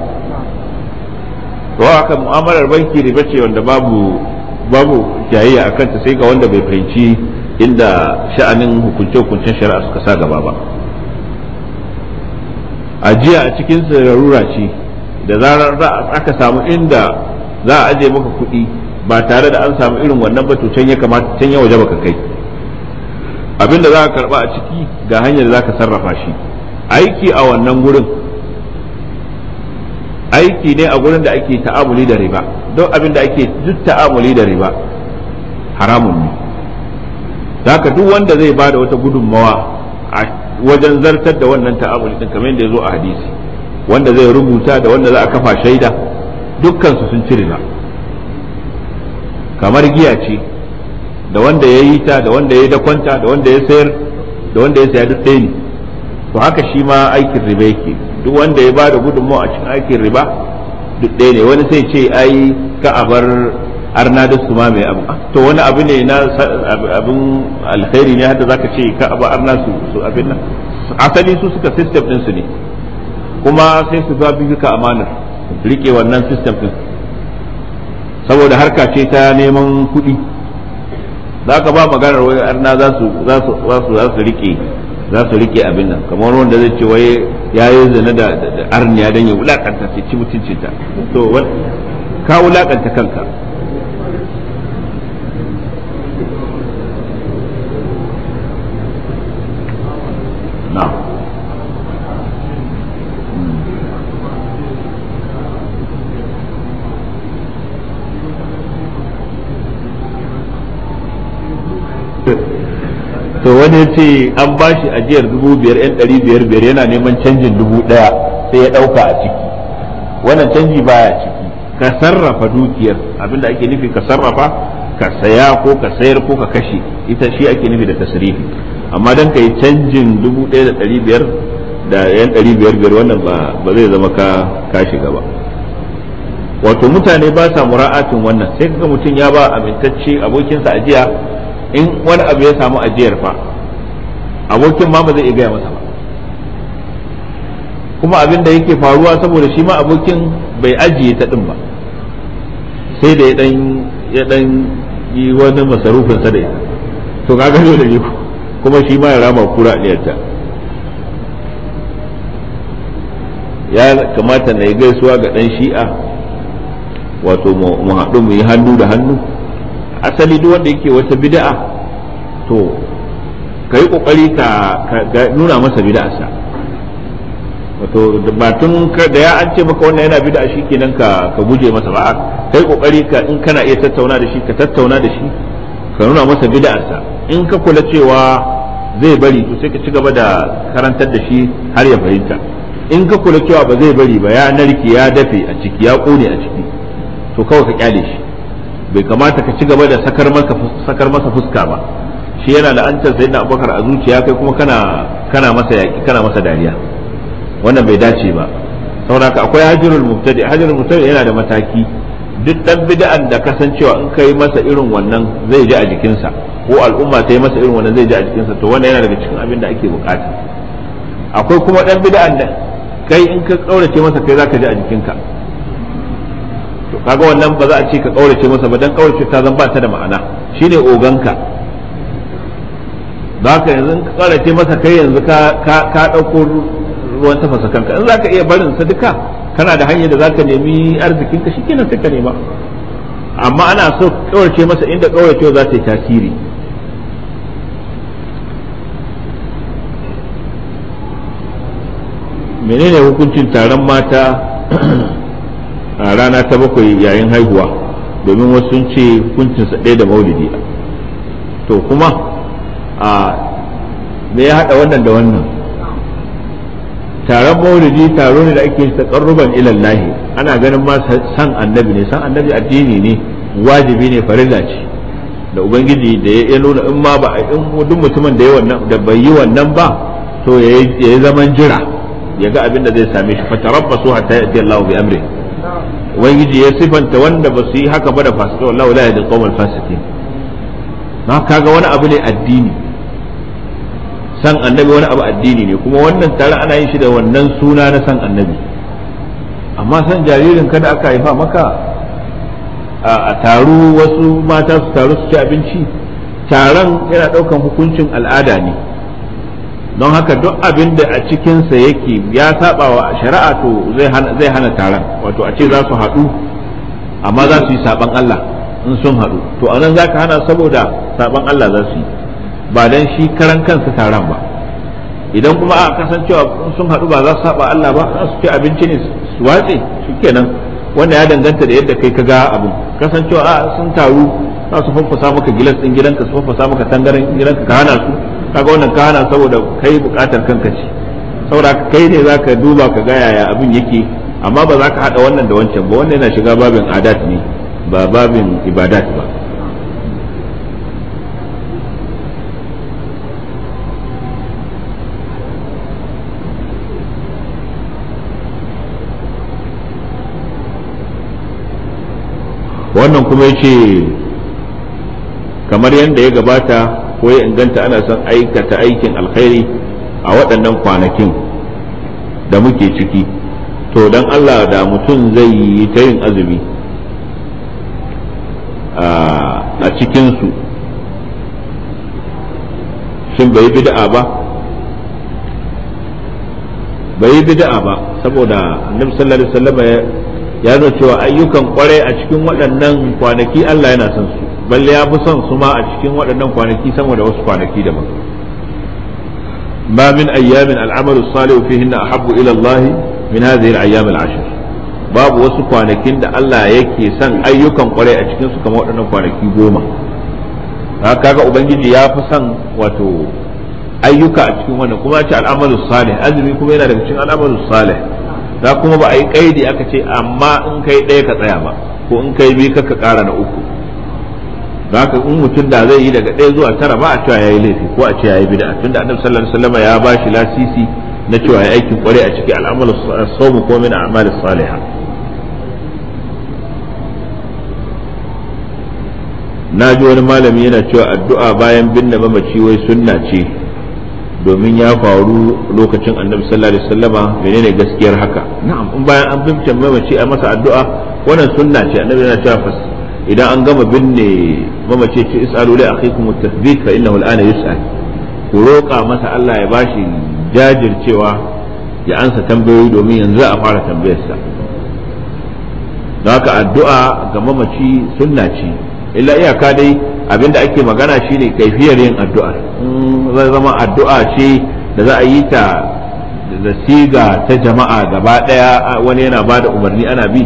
to haka mu'amalar banki riba ce wanda babu babu jayayya a kanta sai ga wanda bai fahimci inda sha'anin hukunce-hukuncen shari'a suka sa gaba ba ajiya a cikin rarura ce da zarar aka samu inda za a aje maka kuɗi ba tare da an samu irin wannan ba to can ya kamata can ya waje baka kai abinda za ka karba a ciki ga hanyar da za ka sarrafa shi aiki a wannan gurin aiki ne a gurin da ake ta'amuli da riba don abin da ake duk ta'amuli da riba haramun ne haka duk wanda zai ba da wata gudunmawa a wajen zartar da wannan ta'amuli din kamar yadda ya zo a hadisi wanda zai rubuta da wanda za a kafa shaida dukkan su sun cire na kamar giya ce da wanda ya yi ta da wanda ya dakwanta da wanda ya sayar da wanda ya saya duk ɗaya ne to haka shi ma aikin riba yake duk wanda ya ba da gudunmawa a cikin aikin riba duk ɗaya ne wani sai ce ai ka a bar arna da su mai abu ah, to wani abu ne na abin alkhairi ne hadda zaka ce ka abu arna su su abin nan asali su suka system din su ne kuma sai su ba ka amanar rike wannan system din saboda harka ce ta neman kuɗi za ka ba maganar wai arna za su za su za su rike za su rike abin nan kamar wanda zai ce wai ya yi zina da arniya don ya wulakanta sai ci mutuncinta to ka wulakanta kanka wani ce an ba shi ajiyar dubu biyar yan ɗari biyar biyar yana neman canjin dubu ɗaya sai ya ɗauka a ciki wannan canji baya ciki ka sarrafa dukiyar abinda ake nufi ka sarrafa ka saya ko ka sayar ko ka kashe ita shi ake nufi da tasrifi amma dan ka yi canjin dubu ɗaya da ɗari biyar da yan ɗari biyar biyar wannan ba zai zama ka ka shiga ba wato mutane ba sa mura'atin wannan sai kaga mutum ya ba amintacce abokinsa ajiya in wani abu ya samu ajiyar fa abokin ma ba zai iya gaya masa ba kuma abin da yake faruwa saboda shi ma abokin bai ajiye ta din ba sai da ya ɗan yi wani masarufin sa da ita to ga gano da ku. kuma shi ma ya rama kura liyarta ya kamata na yi gaisuwa ga ɗan shi'a wato mu haɗu mu yi hannu da hannu asali duk wanda yake wata bida'a to ka yi kokari ka nuna masa bid'arsa wato batun da ya an ce maka wannan yana bid'a shi kenan ka ka guje masa ba kai kokari ka in kana iya tattauna da shi ka tattauna da shi ka nuna masa bid'arsa in ka kula cewa zai bari to sai ka ci gaba da karantar da shi har ya fahimta in ka kula cewa ba zai bari ba ya narki ya dafe a ciki ya kone a ciki to kawai ka kyale shi bai kamata ka ci gaba da sakar masa fuska ba shi yana da sai na abubakar a zuciya kai kuma kana kana masa yaki kana masa dariya wannan bai dace ba saboda akwai hajjirul mubtadi hajjirul mubtadi yana da mataki duk dan bid'an da kasancewa in kai masa irin wannan zai ji a jikinsa ko al'umma ta yi masa irin wannan zai ji a jikinsa to wannan yana daga cikin abin da ake bukata akwai kuma dan bid'an da kai in ka kaurace masa kai zaka ji a jikinka to kaga wannan ba za a ce ka kaurace masa ba dan kaurace ta zan ba ta da ma'ana shine oganka da haka yanzu in ka karace masa kai yanzu ka ɗauko ruwan tafasa kanka in za ka iya barin sa duka kana da hanyar da za ka nemi arzikin ka shikenan sai nema amma ana so kawarce masa inda kawarce za ta yi tasiri menene hukuncin taron mata a rana ta bakwai yayin haihuwa domin wasu sun ce hukuncinsa ɗaya da maulidi to kuma a me ya haɗa wannan da wannan taron maulidi taro ne da ake shi taqarruban ila Allah ana ganin ma san annabi ne san annabi addini ne wajibi ne farilla ce da ubangiji da ya nuna in ma ba in duk mutumin da ya wannan da bai yi wannan ba to ya yi zaman jira ya ga abin da zai same shi fatarabbasu hatta ya'ti Allah bi amri ubangiji ya sifanta wanda ba su yi haka ba da fasiki wallahu la ya al-qawmal ma kaga wani abu ne addini san annabi wani abu addini ne kuma wannan tare ana yin shi da wannan suna na san annabi amma san jaririn kada aka haifa maka a taru wasu mata su taru su ci abinci taron yana ɗaukan hukuncin al'ada ne don haka duk abin da a cikinsa yake ya saba wa shari'a to zai hana taron wato a ce za su haɗu amma za su yi saban Allah in sun haɗu to anan za ka hana saboda saban Allah za su yi ba dan shi karan kansa taron ba idan kuma a kasancewa sun haɗu ba za su saba Allah ba su ci abinci ne su watse kenan wanda ya danganta da yadda kai ka ga abin kasancewa a ah, sun taru za su fafasa maka gilas din gidanka su fafasa maka tangaren gidanka ka hana su kaga wannan ka hana saboda kai bukatar kanka ce saboda kai ne zaka duba ka ga yaya abin yake amma ba za ka haɗa wannan da wancan ba wannan yana shiga babin adat ne ba babin ibadat ba kuma ya kamar yadda ya gabata ko ya inganta ana son aikata aikin alkhairi a waɗannan kwanakin da muke ciki to don allah da mutum zai yi ta yin azumi a cikinsu shin bai bid'a ba bai bid'a ba saboda annabi sallallahu alaihi wasallam ya zo cewa ayyukan kwarai a cikin waɗannan kwanaki Allah yana son su balle ya fi son su ma a cikin waɗannan kwanaki sama da wasu kwanaki daban ma min ayyamin al'amalu salihu na ahabbu ila Allah min hadhihi al-ayyam al-ashr babu wasu kwanakin da Allah yake son ayyukan kwarai a cikin su kamar waɗannan kwanaki goma kaga ubangiji ya fi son wato ayyuka a cikin wannan kuma ya ce al'amalu salih azumi kuma yana daga cikin al'amalu salih da kuma ba a yi kaidi aka ce amma in kai ɗaya ka tsaya ba ko in kai biyu ka ƙara na uku da ka in mutum da zai yi daga ɗaya zuwa tara ba a cewa ya yi laifi ko a ce ya yi bida da annabi sallallahu alaihi wasallam ya bashi shi lasisi na cewa ya aikin kware a ciki al'amal sawmu ko min a'mal Saliha. na ji wani malami yana cewa addu'a bayan binne mamaci wai sunna ce domin ya faru lokacin annabi sallallahu alaihi wasallama menene gaskiyar haka na'am in bayan an bimce mamaci a masa addu'a wannan sunna ce annabi yana cewa fas idan an gama binne mamaci ce isalu li akhikum at-tathbit fa innahu al-ana yus'al ku roƙa masa Allah ya bashi jajircewa ya ansa tambayoyi domin yanzu a fara tambayarsa don haka addu'a ga mamaci sunna ce illa iyaka dai abinda ake magana shine kaifiyar yin addu'a zai zama addu'a ce da za a yi ta da siga ta jama'a gaba daya wani yana ba da umarni ana bi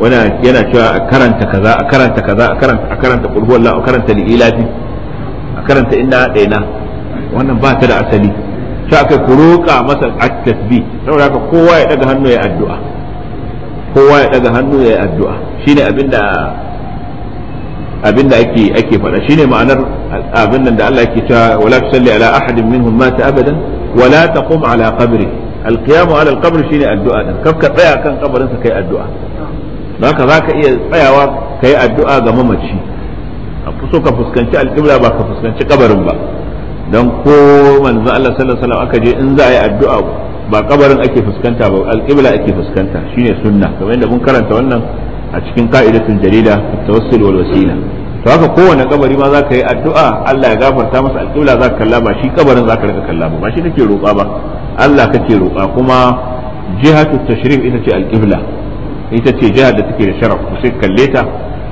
wani yana cewa a karanta kaza a karanta kaza a karanta kulhuwallah a karanta li'ilafi a karanta inda ɗaina wannan ba ta da asali sai aka ku roƙa masa at-tasbih saboda haka kowa ya daga hannu ya addu'a kowa ya daga hannu ya addu'a shine abinda abinda ake ake faɗa shine ma'anar abin nan da Allah yake cewa wala tusalli ala ahadin minhum mata abadan wala taqum ala qabri alqiyamu ala alqabr shine addu'a din kafka tsaya kan kabarin sa kai addu'a don haka zaka iya tsayawa kai addu'a ga mamaci so ka fuskanci alqibla ba ka fuskanci kabarin ba dan ko manzo Allah sallallahu alaihi wasallam aka je in za a yi addu'a ba kabarin ake fuskanta ba alqibla ake fuskanta shine sunna kamar yadda mun karanta wannan a cikin ka'idatul jarida tawassul wal wasila to haka kowane kabari ma zaka yi addu'a Allah ya gafarta masa alƙibla za kalla ba shi kabarin zaka ka kalla ba ba shi kake roƙa ba Allah kake roƙa kuma jihatu tashrif ita ce alƙibla ita ce jihar da take da sharaf ku sai kalle ta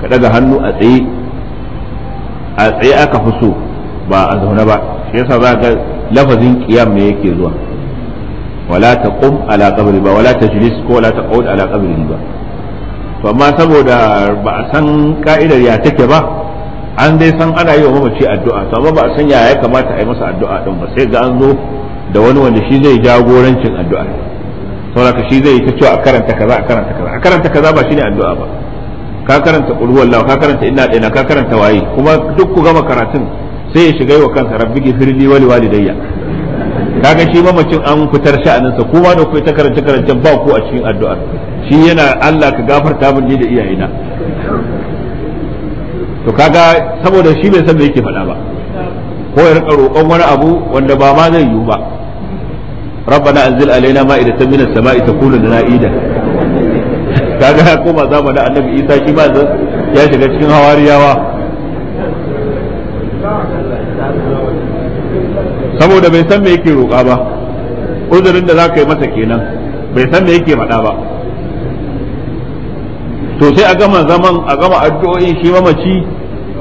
ka daga hannu a tsaye a tsaye aka fi so ba a zaune ba shi yasa za ga lafazin qiyam ne yake zuwa wala taqum ala qabri ba wala tajlis ko wala taqud ala qabri ba to amma saboda ba a san ka'idar ya take ba an dai san ana yi wa mamaci addu'a to amma ba a san ya ya kamata a yi masa addu'a din ba sai ga an zo da wani wanda shi zai jagorancin addu'a saboda shi zai ta cewa a karanta kaza a karanta kaza a karanta kaza ba shine addu'a ba ka karanta qul huwallahu ka karanta inna dayna ka karanta waye kuma duk ku gama karatun sai ya shiga wa kansa rabbi ghfirli wa liwalidayya kaga shi mamacin an fitar sha'aninsa kowa da kai ta karanta karanta ba ku a cikin addu'ar shi yana Allah ka gafarta min da iyayena to kaga saboda shi bai san me yake faɗa ba ko ya rika roƙon wani abu wanda ba ma zai yiwu ba ربنا انزل alaina مائدة minas sama'i تكون lana ida kaga ya koma da annabi isa shi ma ya shiga cikin hawariyawa saboda bai san me yake roƙa ba uzurin da za ka yi masa kenan bai san me yake faɗa ba to sai a gama zaman a gama addu'o'in shi mamaci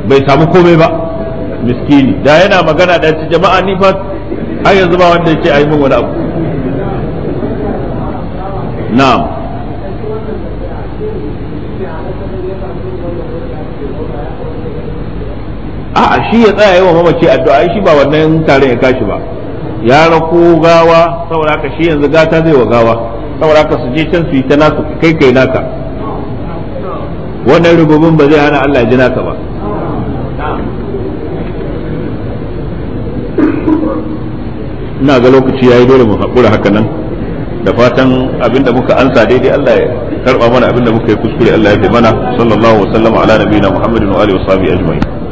bai samu komai ba miskini da yana magana da ci jama'a ni fa har yanzu ba wanda yake ayi min wani abu na'am a'a shi ya tsaya yi wa mamaci addu'a shi ba wannan taron ya kashi ba ya rako gawa saboda haka shi yanzu gata zai wa gawa saboda haka su je can su yi ta nasu kai kai naka wannan rububin ba zai hana Allah ji naka ba ina ga lokaci yayi dole mu haƙura haka nan da fatan abinda muka ansa daidai Allah ya karba mana abinda muka yi kuskure Allah ya bi mana sallallahu alaihi wa sallam ala nabiyina muhammadin wa alihi wa sahbihi ajma'in